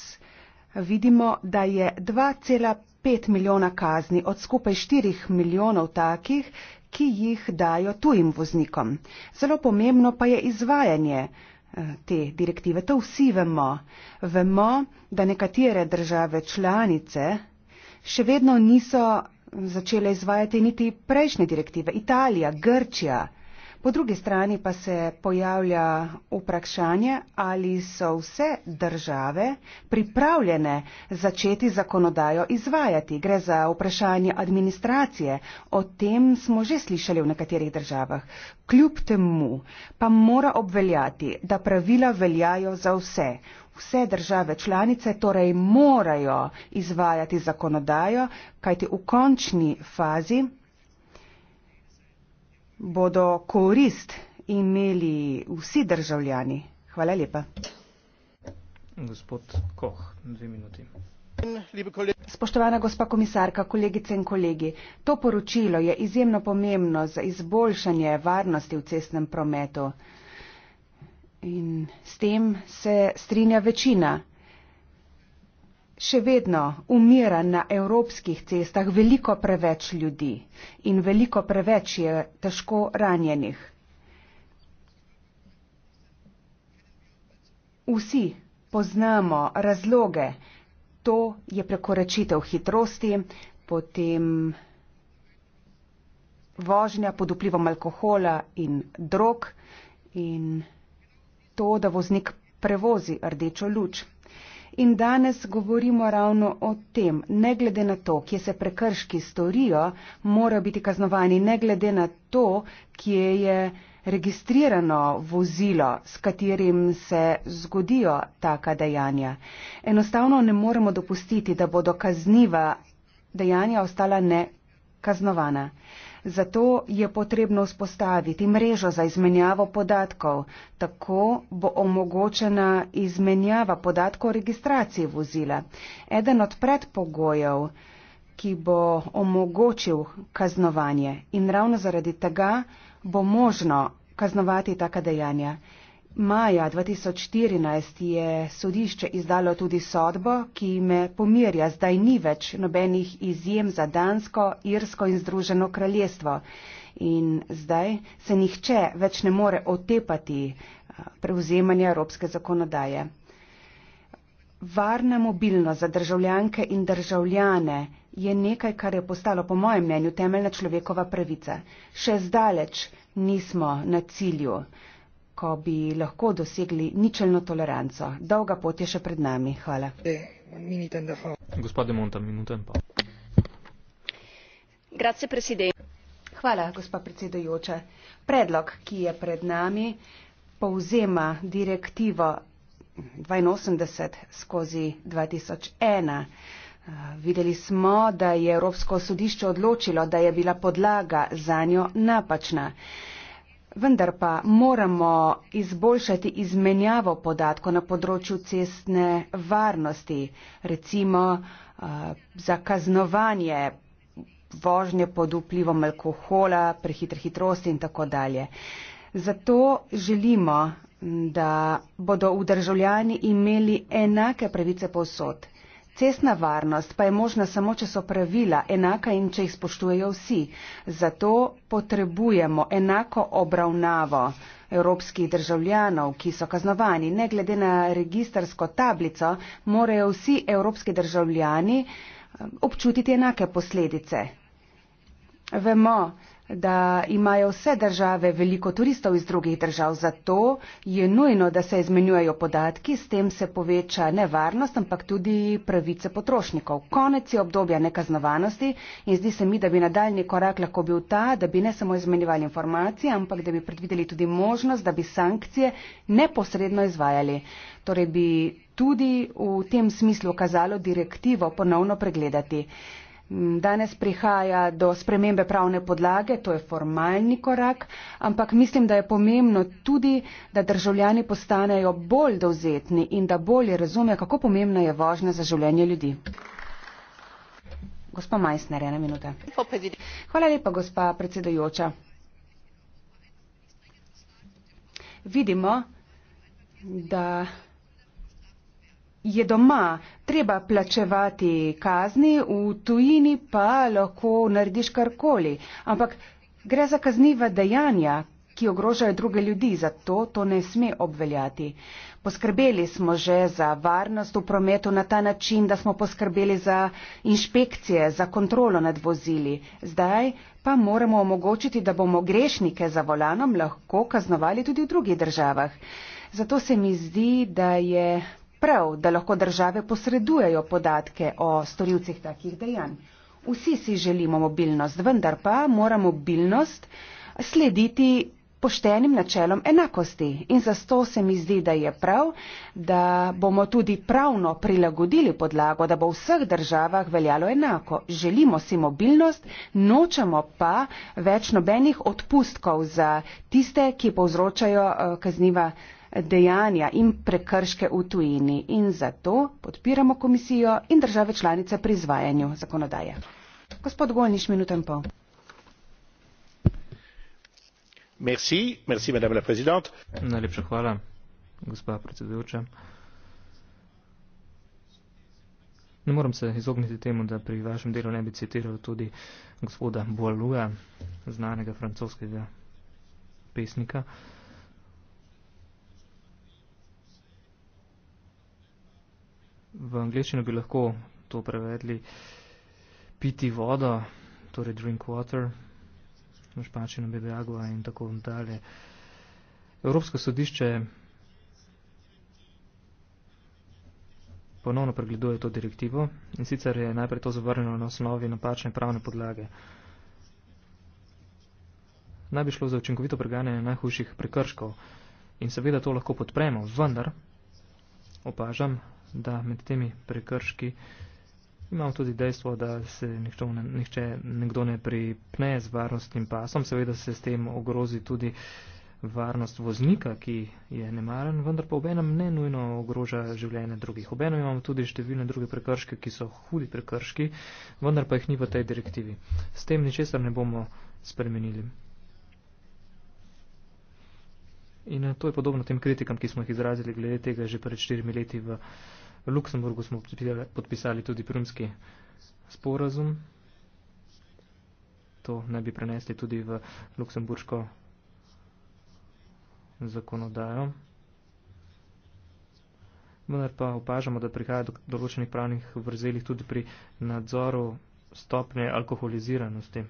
Speaker 5: vidimo, da je 2,5 milijona kazni od skupaj 4 milijonov takih, ki jih dajo tujim voznikom. Zelo pomembno pa je izvajanje eh, te direktive. To vsi vemo. Vemo, da nekatere države članice še vedno niso mm, začele izvajati niti prejšnje direktive. Italija, Grčija. Po drugi strani pa se pojavlja vprašanje, ali so vse države pripravljene začeti zakonodajo izvajati. Gre za vprašanje administracije. O tem smo že slišali v nekaterih državah. Kljub temu pa mora obveljati, da pravila veljajo za vse vse države članice torej morajo izvajati zakonodajo, kajti v končni fazi bodo korist imeli vsi državljani. Hvala lepa.
Speaker 3: Gospod Koh, dve minuti.
Speaker 5: Spoštovana gospa komisarka, kolegice in kolegi, to poročilo je izjemno pomembno za izboljšanje varnosti v cestnem prometu. In s tem se strinja večina. Še vedno umira na evropskih cestah veliko preveč ljudi in veliko preveč je težko ranjenih. Vsi poznamo razloge, to je prekoračitev hitrosti, potem vožnja pod vplivom alkohola in drog in drog to, da voznik prevozi rdečo luč. In danes govorimo ravno o tem, ne glede na to, kje se prekrški storijo, morajo biti kaznovani, ne glede na to, kje je registrirano vozilo, s katerim se zgodijo taka dejanja. Enostavno ne moremo dopustiti, da bodo kazniva dejanja ostala nekaznovana. Zato je potrebno vzpostaviti mrežo za izmenjavo podatkov. Tako bo omogočena izmenjava podatkov o registraciji vozila. Eden od predpogojev, ki bo omogočil kaznovanje in ravno zaradi tega bo možno kaznovati taka dejanja. Maja 2014 je sodišče izdalo tudi sodbo, ki me pomirja, zdaj ni več nobenih izjem za Dansko, Irsko in Združeno kraljestvo. In zdaj se nihče več ne more otepati eh, prevzemanja evropske zakonodaje. Varna mobilnost za državljanke in državljane je nekaj, kar je postalo po mojem mnenju temeljna človekova pravica. Še zdaleč nismo na cilju ko bi lahko dosegli ničelno toleranco. Dolga pot je še pred nami. Hvala.
Speaker 3: Gospode Monta, minuta in pol.
Speaker 5: Grazie, predsednik. Hvala, gospa predsedujoča. Predlog, ki je pred nami, povzema direktivo 82 skozi 2001. Videli smo, da je Evropsko sodišče odločilo, da je bila podlaga za njo napačna vendar pa moramo izboljšati izmenjavo podatkov na področju cestne varnosti, recimo eh, za kaznovanje vožnje pod vplivom alkohola, prehitre hitrosti in tako dalje. Zato želimo, da bodo v državljani imeli enake pravice posod. Cestna varnost pa je možna samo, če so pravila enaka in če jih spoštujejo vsi. Zato potrebujemo enako obravnavo evropskih državljanov, ki so kaznovani. Ne glede na registarsko tablico, morajo vsi evropski državljani um, občutiti enake posledice. Vemo, da imajo vse države veliko turistov iz drugih držav. Zato je nujno, da se izmenjujejo podatki, s tem se poveča nevarnost, ampak tudi pravice potrošnikov. Konec je obdobja nekaznovanosti in zdi se mi, da bi nadaljni korak lahko bil ta, da bi ne samo izmenjevali informacije, ampak da bi predvideli tudi možnost, da bi sankcije neposredno izvajali. Torej bi tudi v tem smislu kazalo direktivo ponovno pregledati. Danes prihaja do spremembe pravne podlage, to je formalni korak, ampak mislim, da je pomembno tudi, da državljani postanejo bolj dovzetni in da bolje razume, kako pomembna je važna za življenje ljudi. Gospa Majsner, ena minuta. Hvala lepa, gospa predsedujoča. Vidimo, da je doma treba plačevati kazni, v tujini pa lahko narediš karkoli. Ampak gre za kazniva dejanja, ki ogrožajo druge ljudi, zato to ne sme obveljati. Poskrbeli smo že za varnost v prometu na ta način, da smo poskrbeli za inšpekcije, za kontrolo nad vozili. Zdaj pa moramo omogočiti, da bomo grešnike za volanom lahko kaznovali tudi v drugih državah. Zato se mi zdi, da je prav, da lahko države posredujejo podatke o storilcih takih dejanj. Vsi si želimo mobilnost, vendar pa mora mobilnost slediti poštenim načelom enakosti. In zato se mi zdi, da je prav, da bomo tudi pravno prilagodili podlago, da bo v vseh državah veljalo enako. Želimo si mobilnost, nočemo pa več nobenih odpustkov za tiste, ki povzročajo eh, kazniva dejanja in prekrške v tujini in zato podpiramo komisijo in države članice pri izvajanju zakonodaje. Gospod Golniš, minuto in pol.
Speaker 3: Merci, merci, madame la presidente. Najlepša hvala, gospa predsedujoča. Ne moram se izogniti temu, da pri vašem delu ne bi citiral tudi gospoda Boaluja, znanega francoskega pesnika. Uh, v angleščino bi lahko to prevedli piti vodo, torej drink water, v španščino bebe agua in tako dalje. Evropsko sodišče ponovno pregleduje to direktivo in sicer je najprej to zavrnilo na osnovi napačne pravne podlage. Naj bi šlo za učinkovito preganjanje najhujših prekrškov in seveda to lahko podpremo, vendar opažam, da med temi prekrški imamo tudi dejstvo, da se nekdo ne, nekče, nekdo ne pripne z varnostnim pasom, seveda se s tem ogrozi tudi varnost voznika, ki je nemaren, vendar pa obenem ne nujno ogroža življenje drugih. Obenem imamo tudi številne druge prekrške, ki so hudi prekrški, vendar pa jih ni v tej direktivi. S tem ničesar ne bomo spremenili. In eh, to je podobno tem kritikam, ki smo jih izrazili glede tega že pred štirimi leti v V Luksemburgu smo podpisali tudi primski sporazum. To naj bi prenesli tudi v luksemburško zakonodajo. Vendar pa opažamo, da prihaja do določenih pravnih vrzeljih tudi pri nadzoru stopnje alkoholiziranosti.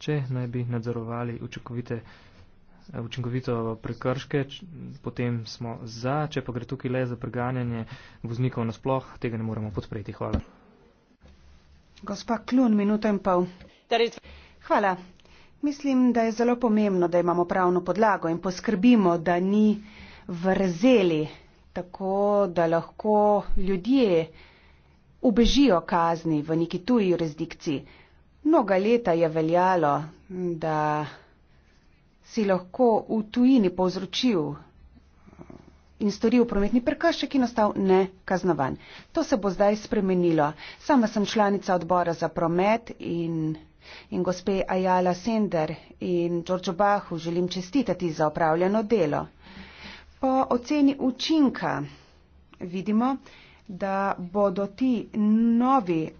Speaker 3: Če naj bi nadzorovali učinkovite vrzelje, Eh, učinkovito prekrške, potem smo za, če pa gre tukaj le za preganjanje voznikov nasploh, tega ne moremo podpreti. Hvala.
Speaker 5: Gospa Klun, minuto in pol. Hvala. Mislim, da je zelo pomembno, da imamo pravno podlago in poskrbimo, da ni vrzeli, tako da lahko ljudje ubežijo kazni v neki tuji jurisdikciji. Mnoga leta je veljalo, da si lahko v tujini povzročil eh, in storil prometni prekršek in ostal nekaznovan. To se bo zdaj spremenilo. Sama sem članica odbora za promet in, in gospe Ajala Sender in Đorđo Bahu želim čestitati za opravljeno delo. Po oceni učinka vidimo, da bodo ti novi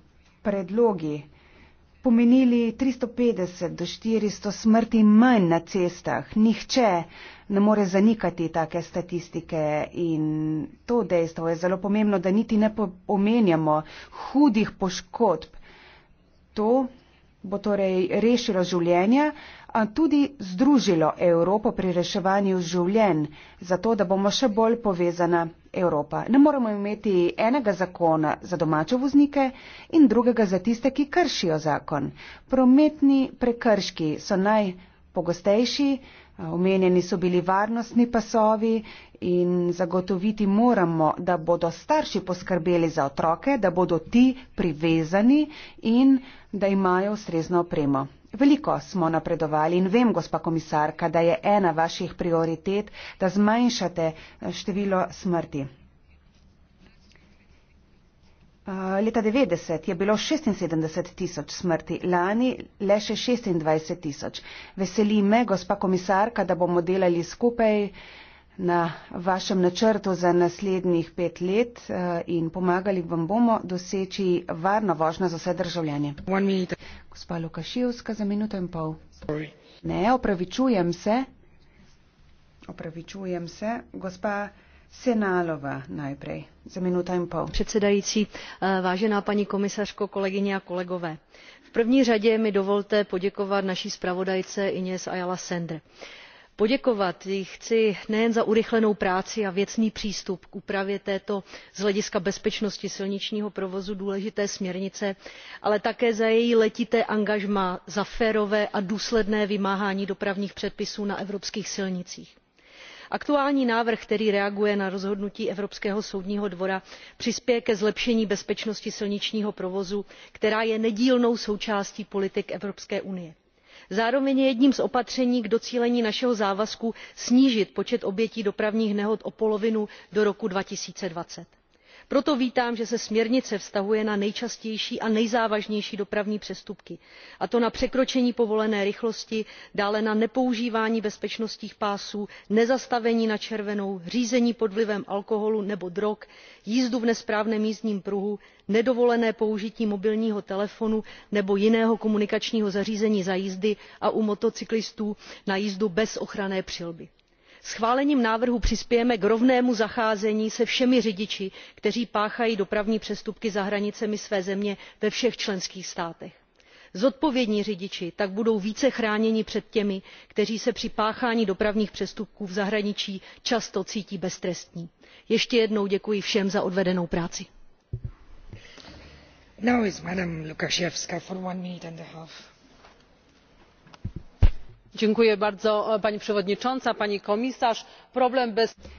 Speaker 5: predlogi pomenili 350 do 400 smrti manj na cestah. Nihče ne more zanikati take statistike in to dejstvo je zelo pomembno, da niti ne omenjamo hudih poškodb. To bo torej rešilo življenja a tudi združilo Evropo pri reševanju življenj, zato da bomo še bolj povezana Evropa. Ne moremo imeti enega zakona za domače voznike in drugega za tiste, ki kršijo zakon. Prometni prekrški so najpogostejši, omenjeni so bili varnostni pasovi in zagotoviti moramo, da bodo starši poskrbeli za otroke, da bodo ti privezani in da imajo ustrezno opremo. Veliko smo napredovali in vem, gospa komisarka, da je ena vaših prioritet, da zmanjšate eh, število smrti. Eh, leta 90 je bilo 76 tisoč smrti, lani le še 26 tisoč. Veseli me, gospa komisarka, da bomo delali skupaj na vašem načrtu za naslednjih pet let eh, in pomagali vam bomo doseči varno vožnjo za vse državljanje. Gospa Lukašivska za minuto in pol. Sorry. Ne, opravičujem se. Opravičujem se. Gospa Senalova najprej
Speaker 6: za minuto in pol. Předsedající, eh, vážená paní komisařko, kolegyně a kolegové. V první řadě mi dovolte poděkovat naší zpravodajce Ines Ayala Sender poděkovat jí chci nejen za urychlenou práci a věcný přístup k úpravě této z hlediska bezpečnosti silničního provozu důležité směrnice ale také za její letité angažmá za férové a důsledné vymáhání dopravních předpisů na evropských silnicích. aktuální návrh který reaguje na rozhodnutí evropského soudního dvora přispěje ke zlepšení bezpečnosti silničního provozu která je nedílnou součástí politik evropské unie zároveň je jedním z opatření k docílení našeho závazku snížit počet obětí dopravních nehod o polovinu do roku two thousand and twenty proto vítám že se směrnice vztahuje na nejčastější a nejzávažnější dopravní přestupky a to na překročení povolené rychlosti dále na nepoužívání bezpečnostních pásů nezastavení na červenou řízení pod vlivem alkoholu nebo drog jízdu v nesprávném jízdním pruhu nedovolené použití mobilního telefonu nebo jiného komunikačního zařízení za jízdy a u motocyklistů na jízdu bez ochranné přilby schválením návrhu přispějeme k rovnému zacházení se všemi řidiči kteří páchají dopravní přestupky za hranicemi své země ve všech členských státech. zodpovědní řidiči tak budou více chráněni před těmi kteří se při páchání dopravních přestupků v zahraničí často cítí beztrestně. ještě jednou děkuji všem za odvedenou práci. E, pani przewodnicząca pani komisarz! problem bezdomności.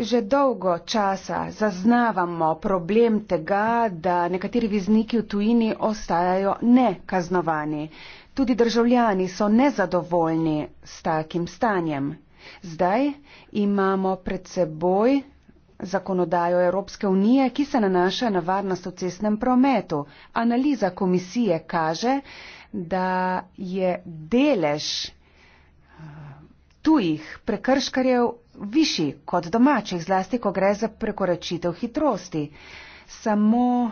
Speaker 5: že dolgo časa zaznavamo problem tega da nekateri vizniki v tujini ostajajo nekaznovani tudi državljani so nezadovoljni s takim stanjem zdaj imamo pred seboj zakonodajo Evropske unije, ki se nanaša na varnost v cestnem prometu. Analiza komisije kaže, da je delež eh, tujih prekrškarjev višji kot domačih, zlasti ko gre za prekoračitev hitrosti. Samo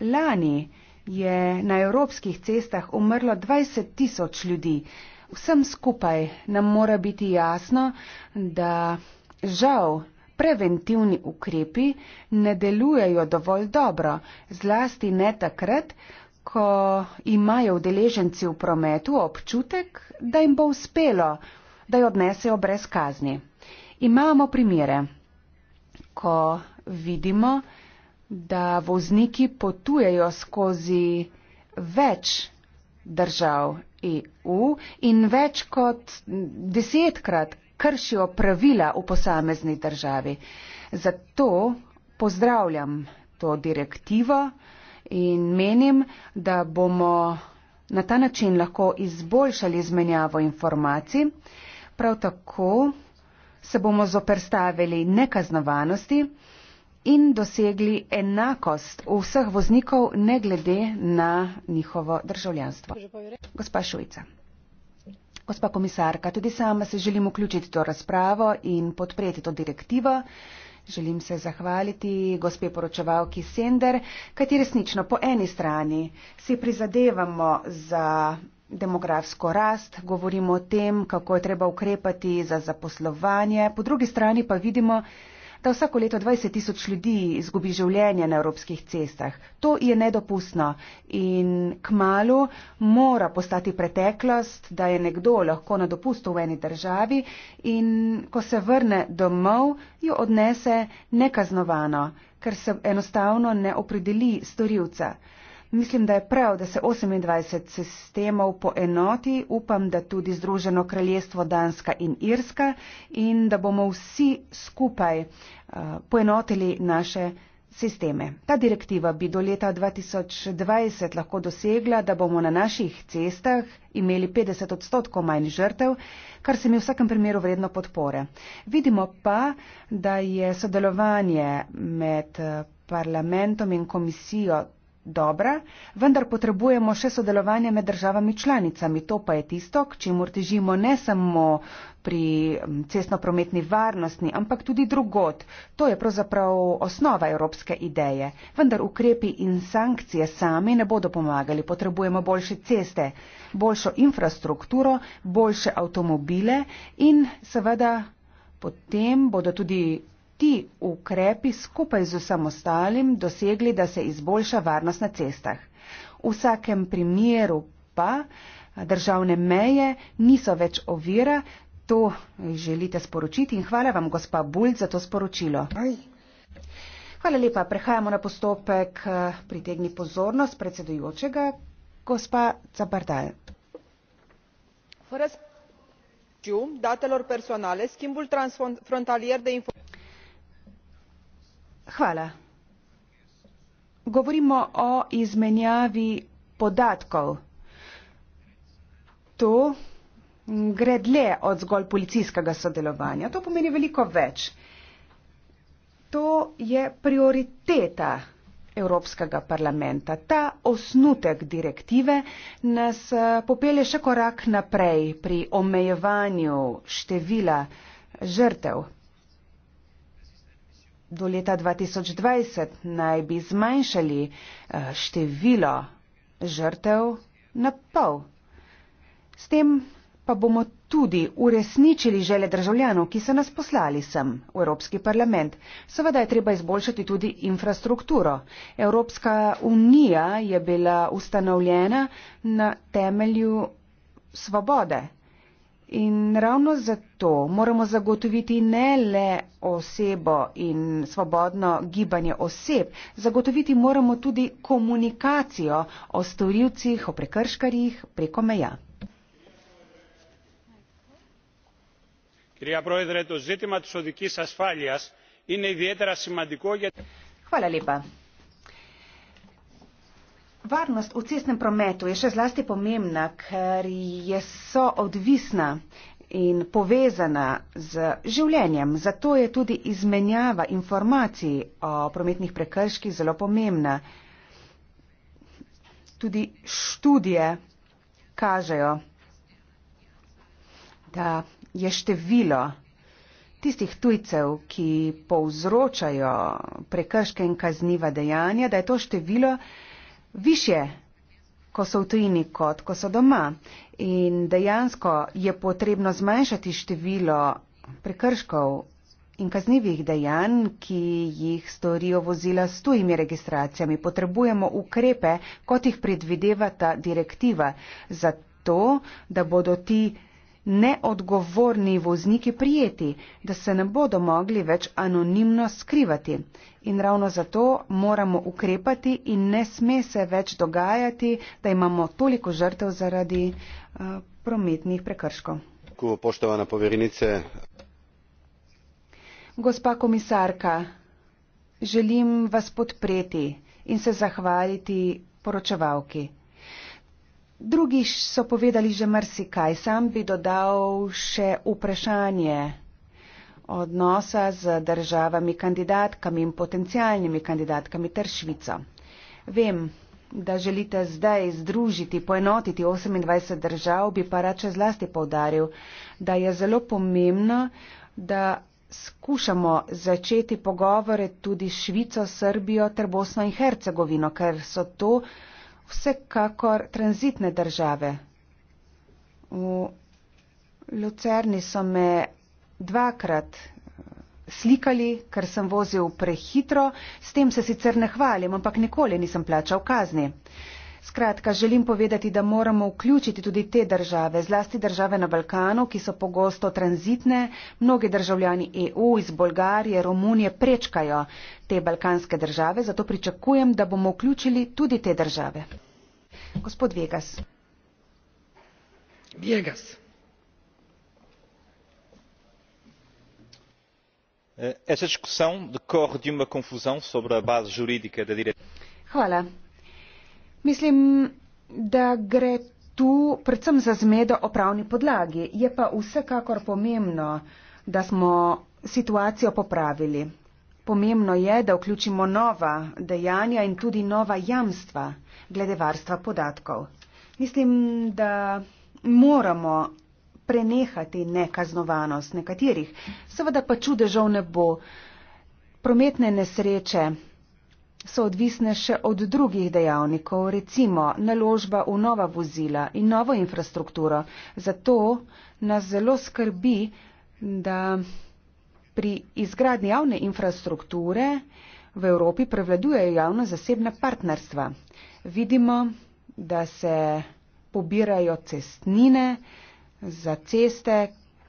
Speaker 5: lani je na evropskih cestah umrlo 20 tisoč ljudi. Vsem skupaj nam mora biti jasno, da žal preventivni ukrepi ne delujejo dovolj dobro, zlasti ne takrat, ko imajo udeleženci v prometu občutek, da jim bo uspelo, da jo odnesejo brez kazni. Imamo primere, ko vidimo, da vozniki potujejo skozi več držav EU in več kot desetkrat kršijo pravila v posamezni državi. Zato pozdravljam to direktivo in menim, da bomo na ta način lahko izboljšali izmenjavo informacij. Prav tako se bomo zoperstavili nekaznovanosti in dosegli enakost vseh voznikov, ne glede na njihovo državljanstvo. Gospa Šujca. Gospa komisarka, tudi sama se želim vključiti v to razpravo in podpreti to direktivo. Želim se zahvaliti gospe poročevalki Sender, kajti resnično po eni strani si prizadevamo za demografsko rast, govorimo o tem, kako je treba ukrepati za zaposlovanje, po drugi strani pa vidimo, da vsako leto 20 tisoč ljudi izgubi življenje na evropskih cestah. To je nedopustno in k malu mora postati preteklost, da je nekdo lahko na dopustu v eni državi in ko se vrne domov, jo odnese nekaznovano, ker se enostavno ne opredeli storilca. Mislim, da je prav, da se 28 sistemov poenoti, upam, da tudi Združeno kraljestvo Danska in Irska in da bomo vsi skupaj eh, poenotili naše sisteme. Ta direktiva bi do leta 2020 lahko dosegla, da bomo na naših cestah imeli 50 odstotkov manj žrtev, kar se mi v vsakem primeru vredno podpore. Vidimo pa, da je sodelovanje med eh, parlamentom in komisijo dobra, vendar potrebujemo še sodelovanje med državami članicami. To pa je tisto, k čemu težimo ne samo pri cestnoprometni varnosti, ampak tudi drugot. To je pravzaprav osnova evropske ideje. Vendar ukrepi in sankcije sami ne bodo pomagali. Potrebujemo boljše ceste, boljšo infrastrukturo, boljše avtomobile in seveda. Potem bodo tudi ti ukrepi skupaj z vsem ostalim dosegli, da se izboljša varnost na cestah. V vsakem primeru pa državne meje niso več ovira, to želite sporočiti in hvala vam, gospa Bulj, za to sporočilo. Hvala lepa, prehajamo na postopek eh, pritegni pozornost predsedujočega, gospa Cabardal. Datelor personale, schimbul transfrontalier de informații. Hvala. Govorimo o izmenjavi podatkov. To gre dlje od zgolj policijskega sodelovanja. To pomeni veliko več. To je prioriteta Evropskega parlamenta. Ta osnutek direktive nas eh, popelje še korak naprej pri omejevanju števila žrtev do leta 2020 naj bi zmanjšali eh, število žrtev na pol. S tem pa bomo tudi uresničili žele državljanov, ki so nas poslali sem v Evropski parlament. Seveda je treba izboljšati tudi infrastrukturo. Evropska unija je bila ustanovljena na temelju svobode. In ravno zato moramo zagotoviti ne le osebo in svobodno gibanje oseb, zagotoviti moramo tudi komunikacijo o storilcih, o prekrškarjih preko meja. Hvala lepa. Varnost v cestnem prometu je še zlasti pomembna, ker je so odvisna in povezana z življenjem. Zato je tudi izmenjava informacij o prometnih prekrških zelo pomembna. Tudi študije kažejo, da je število tistih tujcev, ki povzročajo prekrške in kazniva dejanja, da je to število, više, ko so v tujini, kot ko so doma. In dejansko je potrebno zmanjšati število prekrškov in kaznivih dejanj, ki jih storijo vozila s tujimi registracijami. Potrebujemo ukrepe, kot jih predvideva ta direktiva, zato, da bodo ti neodgovorni vozniki prijeti, da se ne bodo mogli več anonimno skrivati. In ravno zato moramo ukrepati in ne sme se več dogajati, da imamo toliko žrtev zaradi uh, prometnih prekrškov.
Speaker 2: Poštovana poverenice.
Speaker 5: Gospa komisarka, želim vas podpreti in se zahvaliti poročevalki drugi so povedali že marsikaj. Sam bi dodal še vprašanje odnosa z državami kandidatkami in potencijalnimi kandidatkami ter Švico. Vem, da želite zdaj združiti, poenotiti 28 držav, bi pa rače zlasti povdaril, da je zelo pomembno, da skušamo začeti pogovore tudi s Švico, Srbijo ter Bosno in Hercegovino, ker so to vsekakor tranzitne države. V Lucerni so me dvakrat eh, slikali, ker sem vozil prehitro, s tem se sicer ne hvalim, ampak nikoli nisem plačal kazni. Skratka, želim povedati, da moramo vključiti tudi te države, zlasti države na Balkanu, ki so pogosto tranzitne. Mnogi državljani EU iz Bolgarije, Romunije prečkajo te balkanske države, zato pričakujem, da bomo vključili tudi te države. Gospod Vegas.
Speaker 6: Vegas.
Speaker 3: Eh,
Speaker 5: Hvala. Mislim, da gre tu predvsem za zmedo o pravni podlagi. Je pa vsekakor pomembno, da smo situacijo popravili. Pomembno je, da vključimo nova dejanja in tudi nova jamstva glede varstva podatkov. Mislim, da moramo prenehati nekaznovanost nekaterih. Seveda pa čudežov ne bo. Prometne nesreče so odvisne še od drugih dejavnikov, recimo naložba v nova vozila in novo infrastrukturo. Zato nas zelo skrbi, da pri izgradnji javne infrastrukture v Evropi prevladujejo javno-zasebna partnerstva. Vidimo, da se pobirajo cestnine za ceste,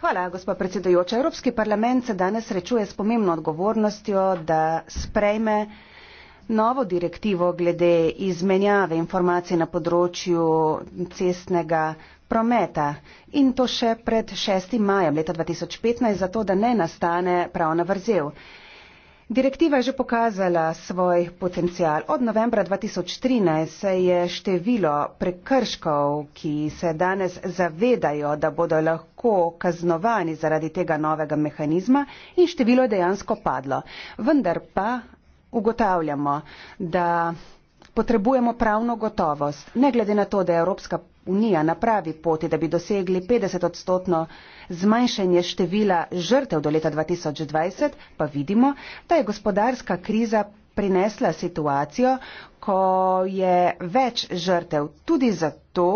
Speaker 5: Hvala, gospod predsedujoča. Evropski parlament se danes srečuje s pomembno odgovornostjo, da sprejme novo direktivo glede izmenjave informacij na področju cestnega prometa in to še pred 6. majem leta 2015, zato da ne nastane pravna vrzel. Direktiva je že pokazala svoj potencial. Od novembra 2013 se je število prekrškov, ki se danes zavedajo, da bodo lahko kaznovani zaradi tega novega mehanizma, in število je dejansko padlo. Vendar pa ugotavljamo, da. Potrebujemo pravno gotovost, ne glede na to, da je Evropska unija na pravi poti, da bi dosegli 50 odstotno zmanjšanje števila žrtev do leta 2020, pa vidimo, da je gospodarska kriza prinesla situacijo, ko je več žrtev tudi zato,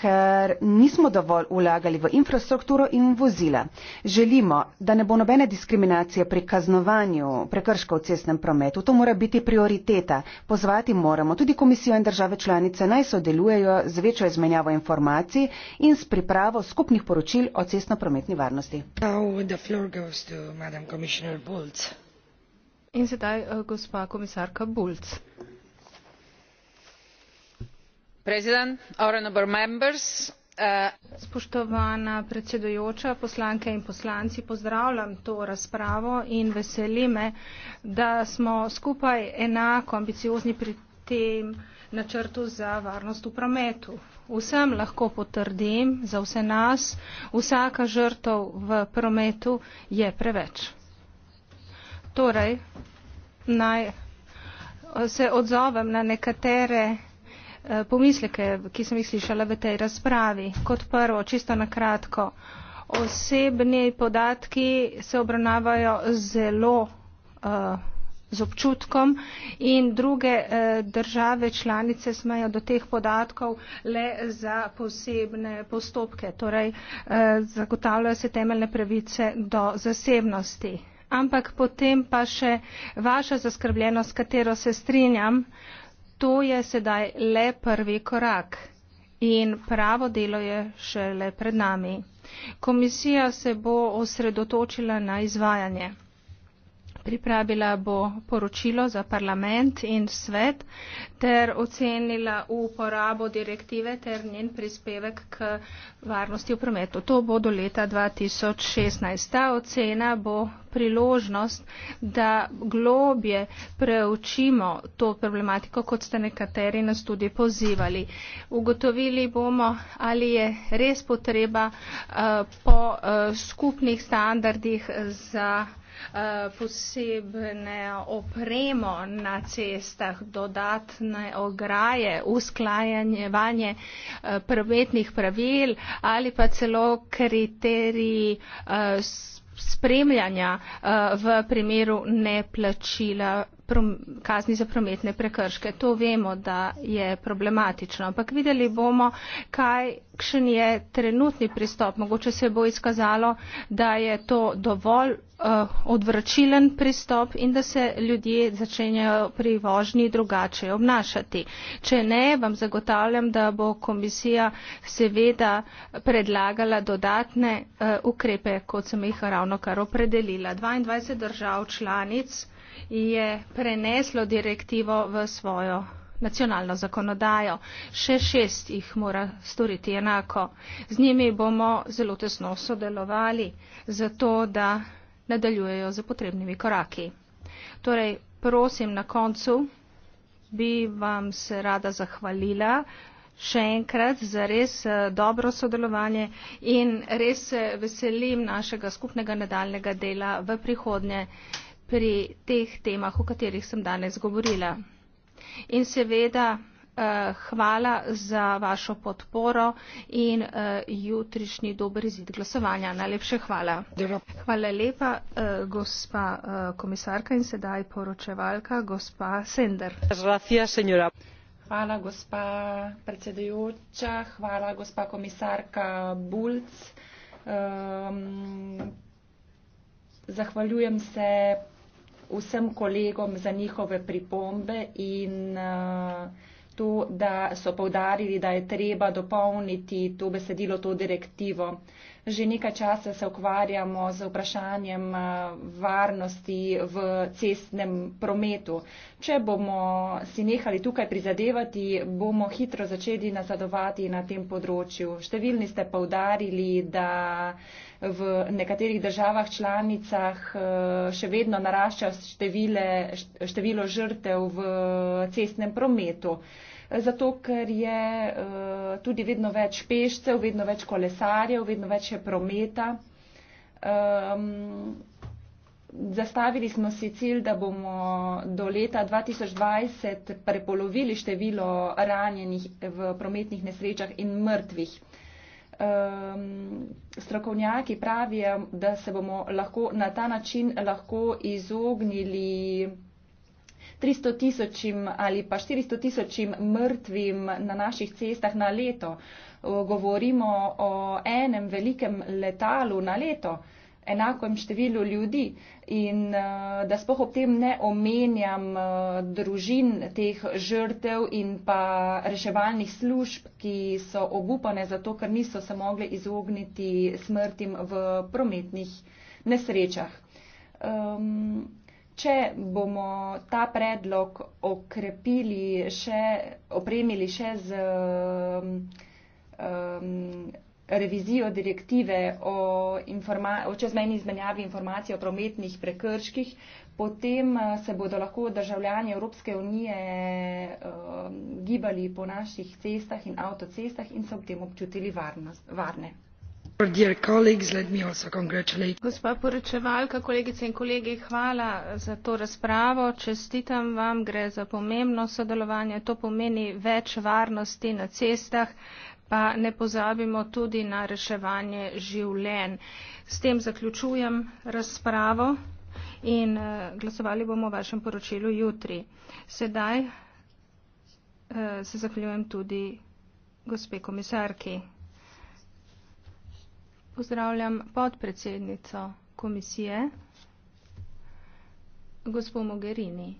Speaker 5: ker nismo dovolj ulagali v infrastrukturo in vozila. Želimo, da ne bo nobene diskriminacije pri kaznovanju prekrškov v cestnem prometu. To mora biti prioriteta. Pozvati moramo tudi komisijo in države članice naj sodelujejo z večjo izmenjavo informacij in s pripravo skupnih poročil o cestnoprometni varnosti.
Speaker 7: In sedaj eh, gospa komisarka Bulc. Uh, spoštovana predsedujoča poslanke in poslanci pozdravljam to razpravo in veseli me da smo skupaj enako ambiciozni pri tem načrtu za varnost v prometu. vsem lahko potrdim za vse nas vsaka žrtev v prometu je preveč. torej naj uh, se odzovem na nekatere Eh, pomisleke ki sem jih slišala v tej razpravi. Kot prvo, čisto na kratko, osebni podatki se obravnavajo zelo uh, z občutkom in druge uh, države članice smejo do teh podatkov le za posebne postopke, torej uh, zagotavljajo se temeljne pravice do zasebnosti. Ampak potem pa še vaša zaskrbljenost, s katero se strinjam, uh, to je sedaj le prvi korak in pravo delo je šele pred nami. Komisija se bo osredotočila na izvajanje pripravila bo poročilo za parlament in svet ter ocenila uporabo direktive ter njen prispevek k varnosti v prometu. To bo do leta 2016. Ta ocena bo priložnost, da globje preučimo to problematiko, kot ste nekateri nas tudi pozivali. Ugotovili bomo, ali je res potreba uh, po uh, skupnih standardih za. Eh, posebne opremo na cestah, dodatne ograje, usklajanje eh, prometnih pravil ali pa celo kriteriji eh, spremljanja v primeru neplačila kazni za prometne prekrške. To vemo, da je problematično, ampak videli bomo, kaj kšen je trenutni pristop. Mogoče se bo izkazalo, da je to dovolj uh, odvračilen pristop in da se ljudje začenjajo pri vožnji drugače obnašati. Če ne, vam zagotavljam, da bo komisija seveda predlagala dodatne uh, ukrepe, kot sem jih ravno kar opredelila. 22 držav članic je preneslo direktivo v svojo nacionalno zakonodajo. Še šest jih mora storiti enako. Z njimi bomo zelo tesno sodelovali, zato da nadaljujejo z potrebnimi koraki. Torej, prosim na koncu, bi vam se rada zahvalila še enkrat za res eh, dobro sodelovanje in res se eh, veselim našega skupnega nadaljnega dela v prihodnje pri teh temah, o katerih sem danes govorila. In seveda eh, hvala za vašo podporo in eh, jutrišnji dober izid glasovanja. Najlepše hvala. Hvala lepa, eh, gospa komisarka in sedaj poročevalka, gospa Sender.
Speaker 4: Hvala, gospa predsedujoča, hvala, gospa komisarka Bulc. Um, zahvaljujem se vsem kolegom za njihove pripombe in eh, to, da so povdarili, da je treba dopolniti to besedilo, to direktivo. Že nekaj časa se ukvarjamo z vprašanjem eh, varnosti v cestnem prometu. Če bomo si nehali tukaj prizadevati, bomo hitro začeli nazadovati na tem področju. Številni ste povdarili, da v nekaterih državah članicah eh, še vedno narašča števile, število žrtev v cestnem prometu zato ker je eh, tudi vedno več pešcev, vedno več kolesarjev, vedno več je prometa. Ehm, zastavili smo si cilj, da bomo do leta 2020 prepolovili število ranjenih v prometnih nesrečah in mrtvih. Um, strokovnjaki pravijo, da se bomo lahko, na ta način lahko izognili 300 tisočim ali pa 400 tisočim mrtvim na naših cestah na leto. Govorimo o enem velikem letalu na leto, enakem številu ljudi in e, da spoh ob tem ne omenjam e, družin teh žrtev in pa reševalnih služb, ki so obupane zato, ker niso se mogli izogniti smrtim v prometnih nesrečah. Um, Če bomo ta predlog okrepili, še, opremili še z um, um, revizijo direktive o, o čezmejni izmenjavi informacij o prometnih prekrških, potem uh, se bodo lahko državljani Evropske unije um, gibali po naših cestah in avtocestah in se ob tem občutili varnost, varne
Speaker 7: gospa poročevalka kolegice in kolegi hvala za to razpravo čestitam vam gre za pomembno sodelovanje to pomeni več varnosti na cestah pa ne pozabimo tudi na reševanje življenj s tem zaključujem razpravo in eh, glasovali bomo o vašem poročilu jutri sedaj eh, se zahvaljujem tudi gospe komisarki Pozdravljam podpredsednico komisije, gospod Mogherini.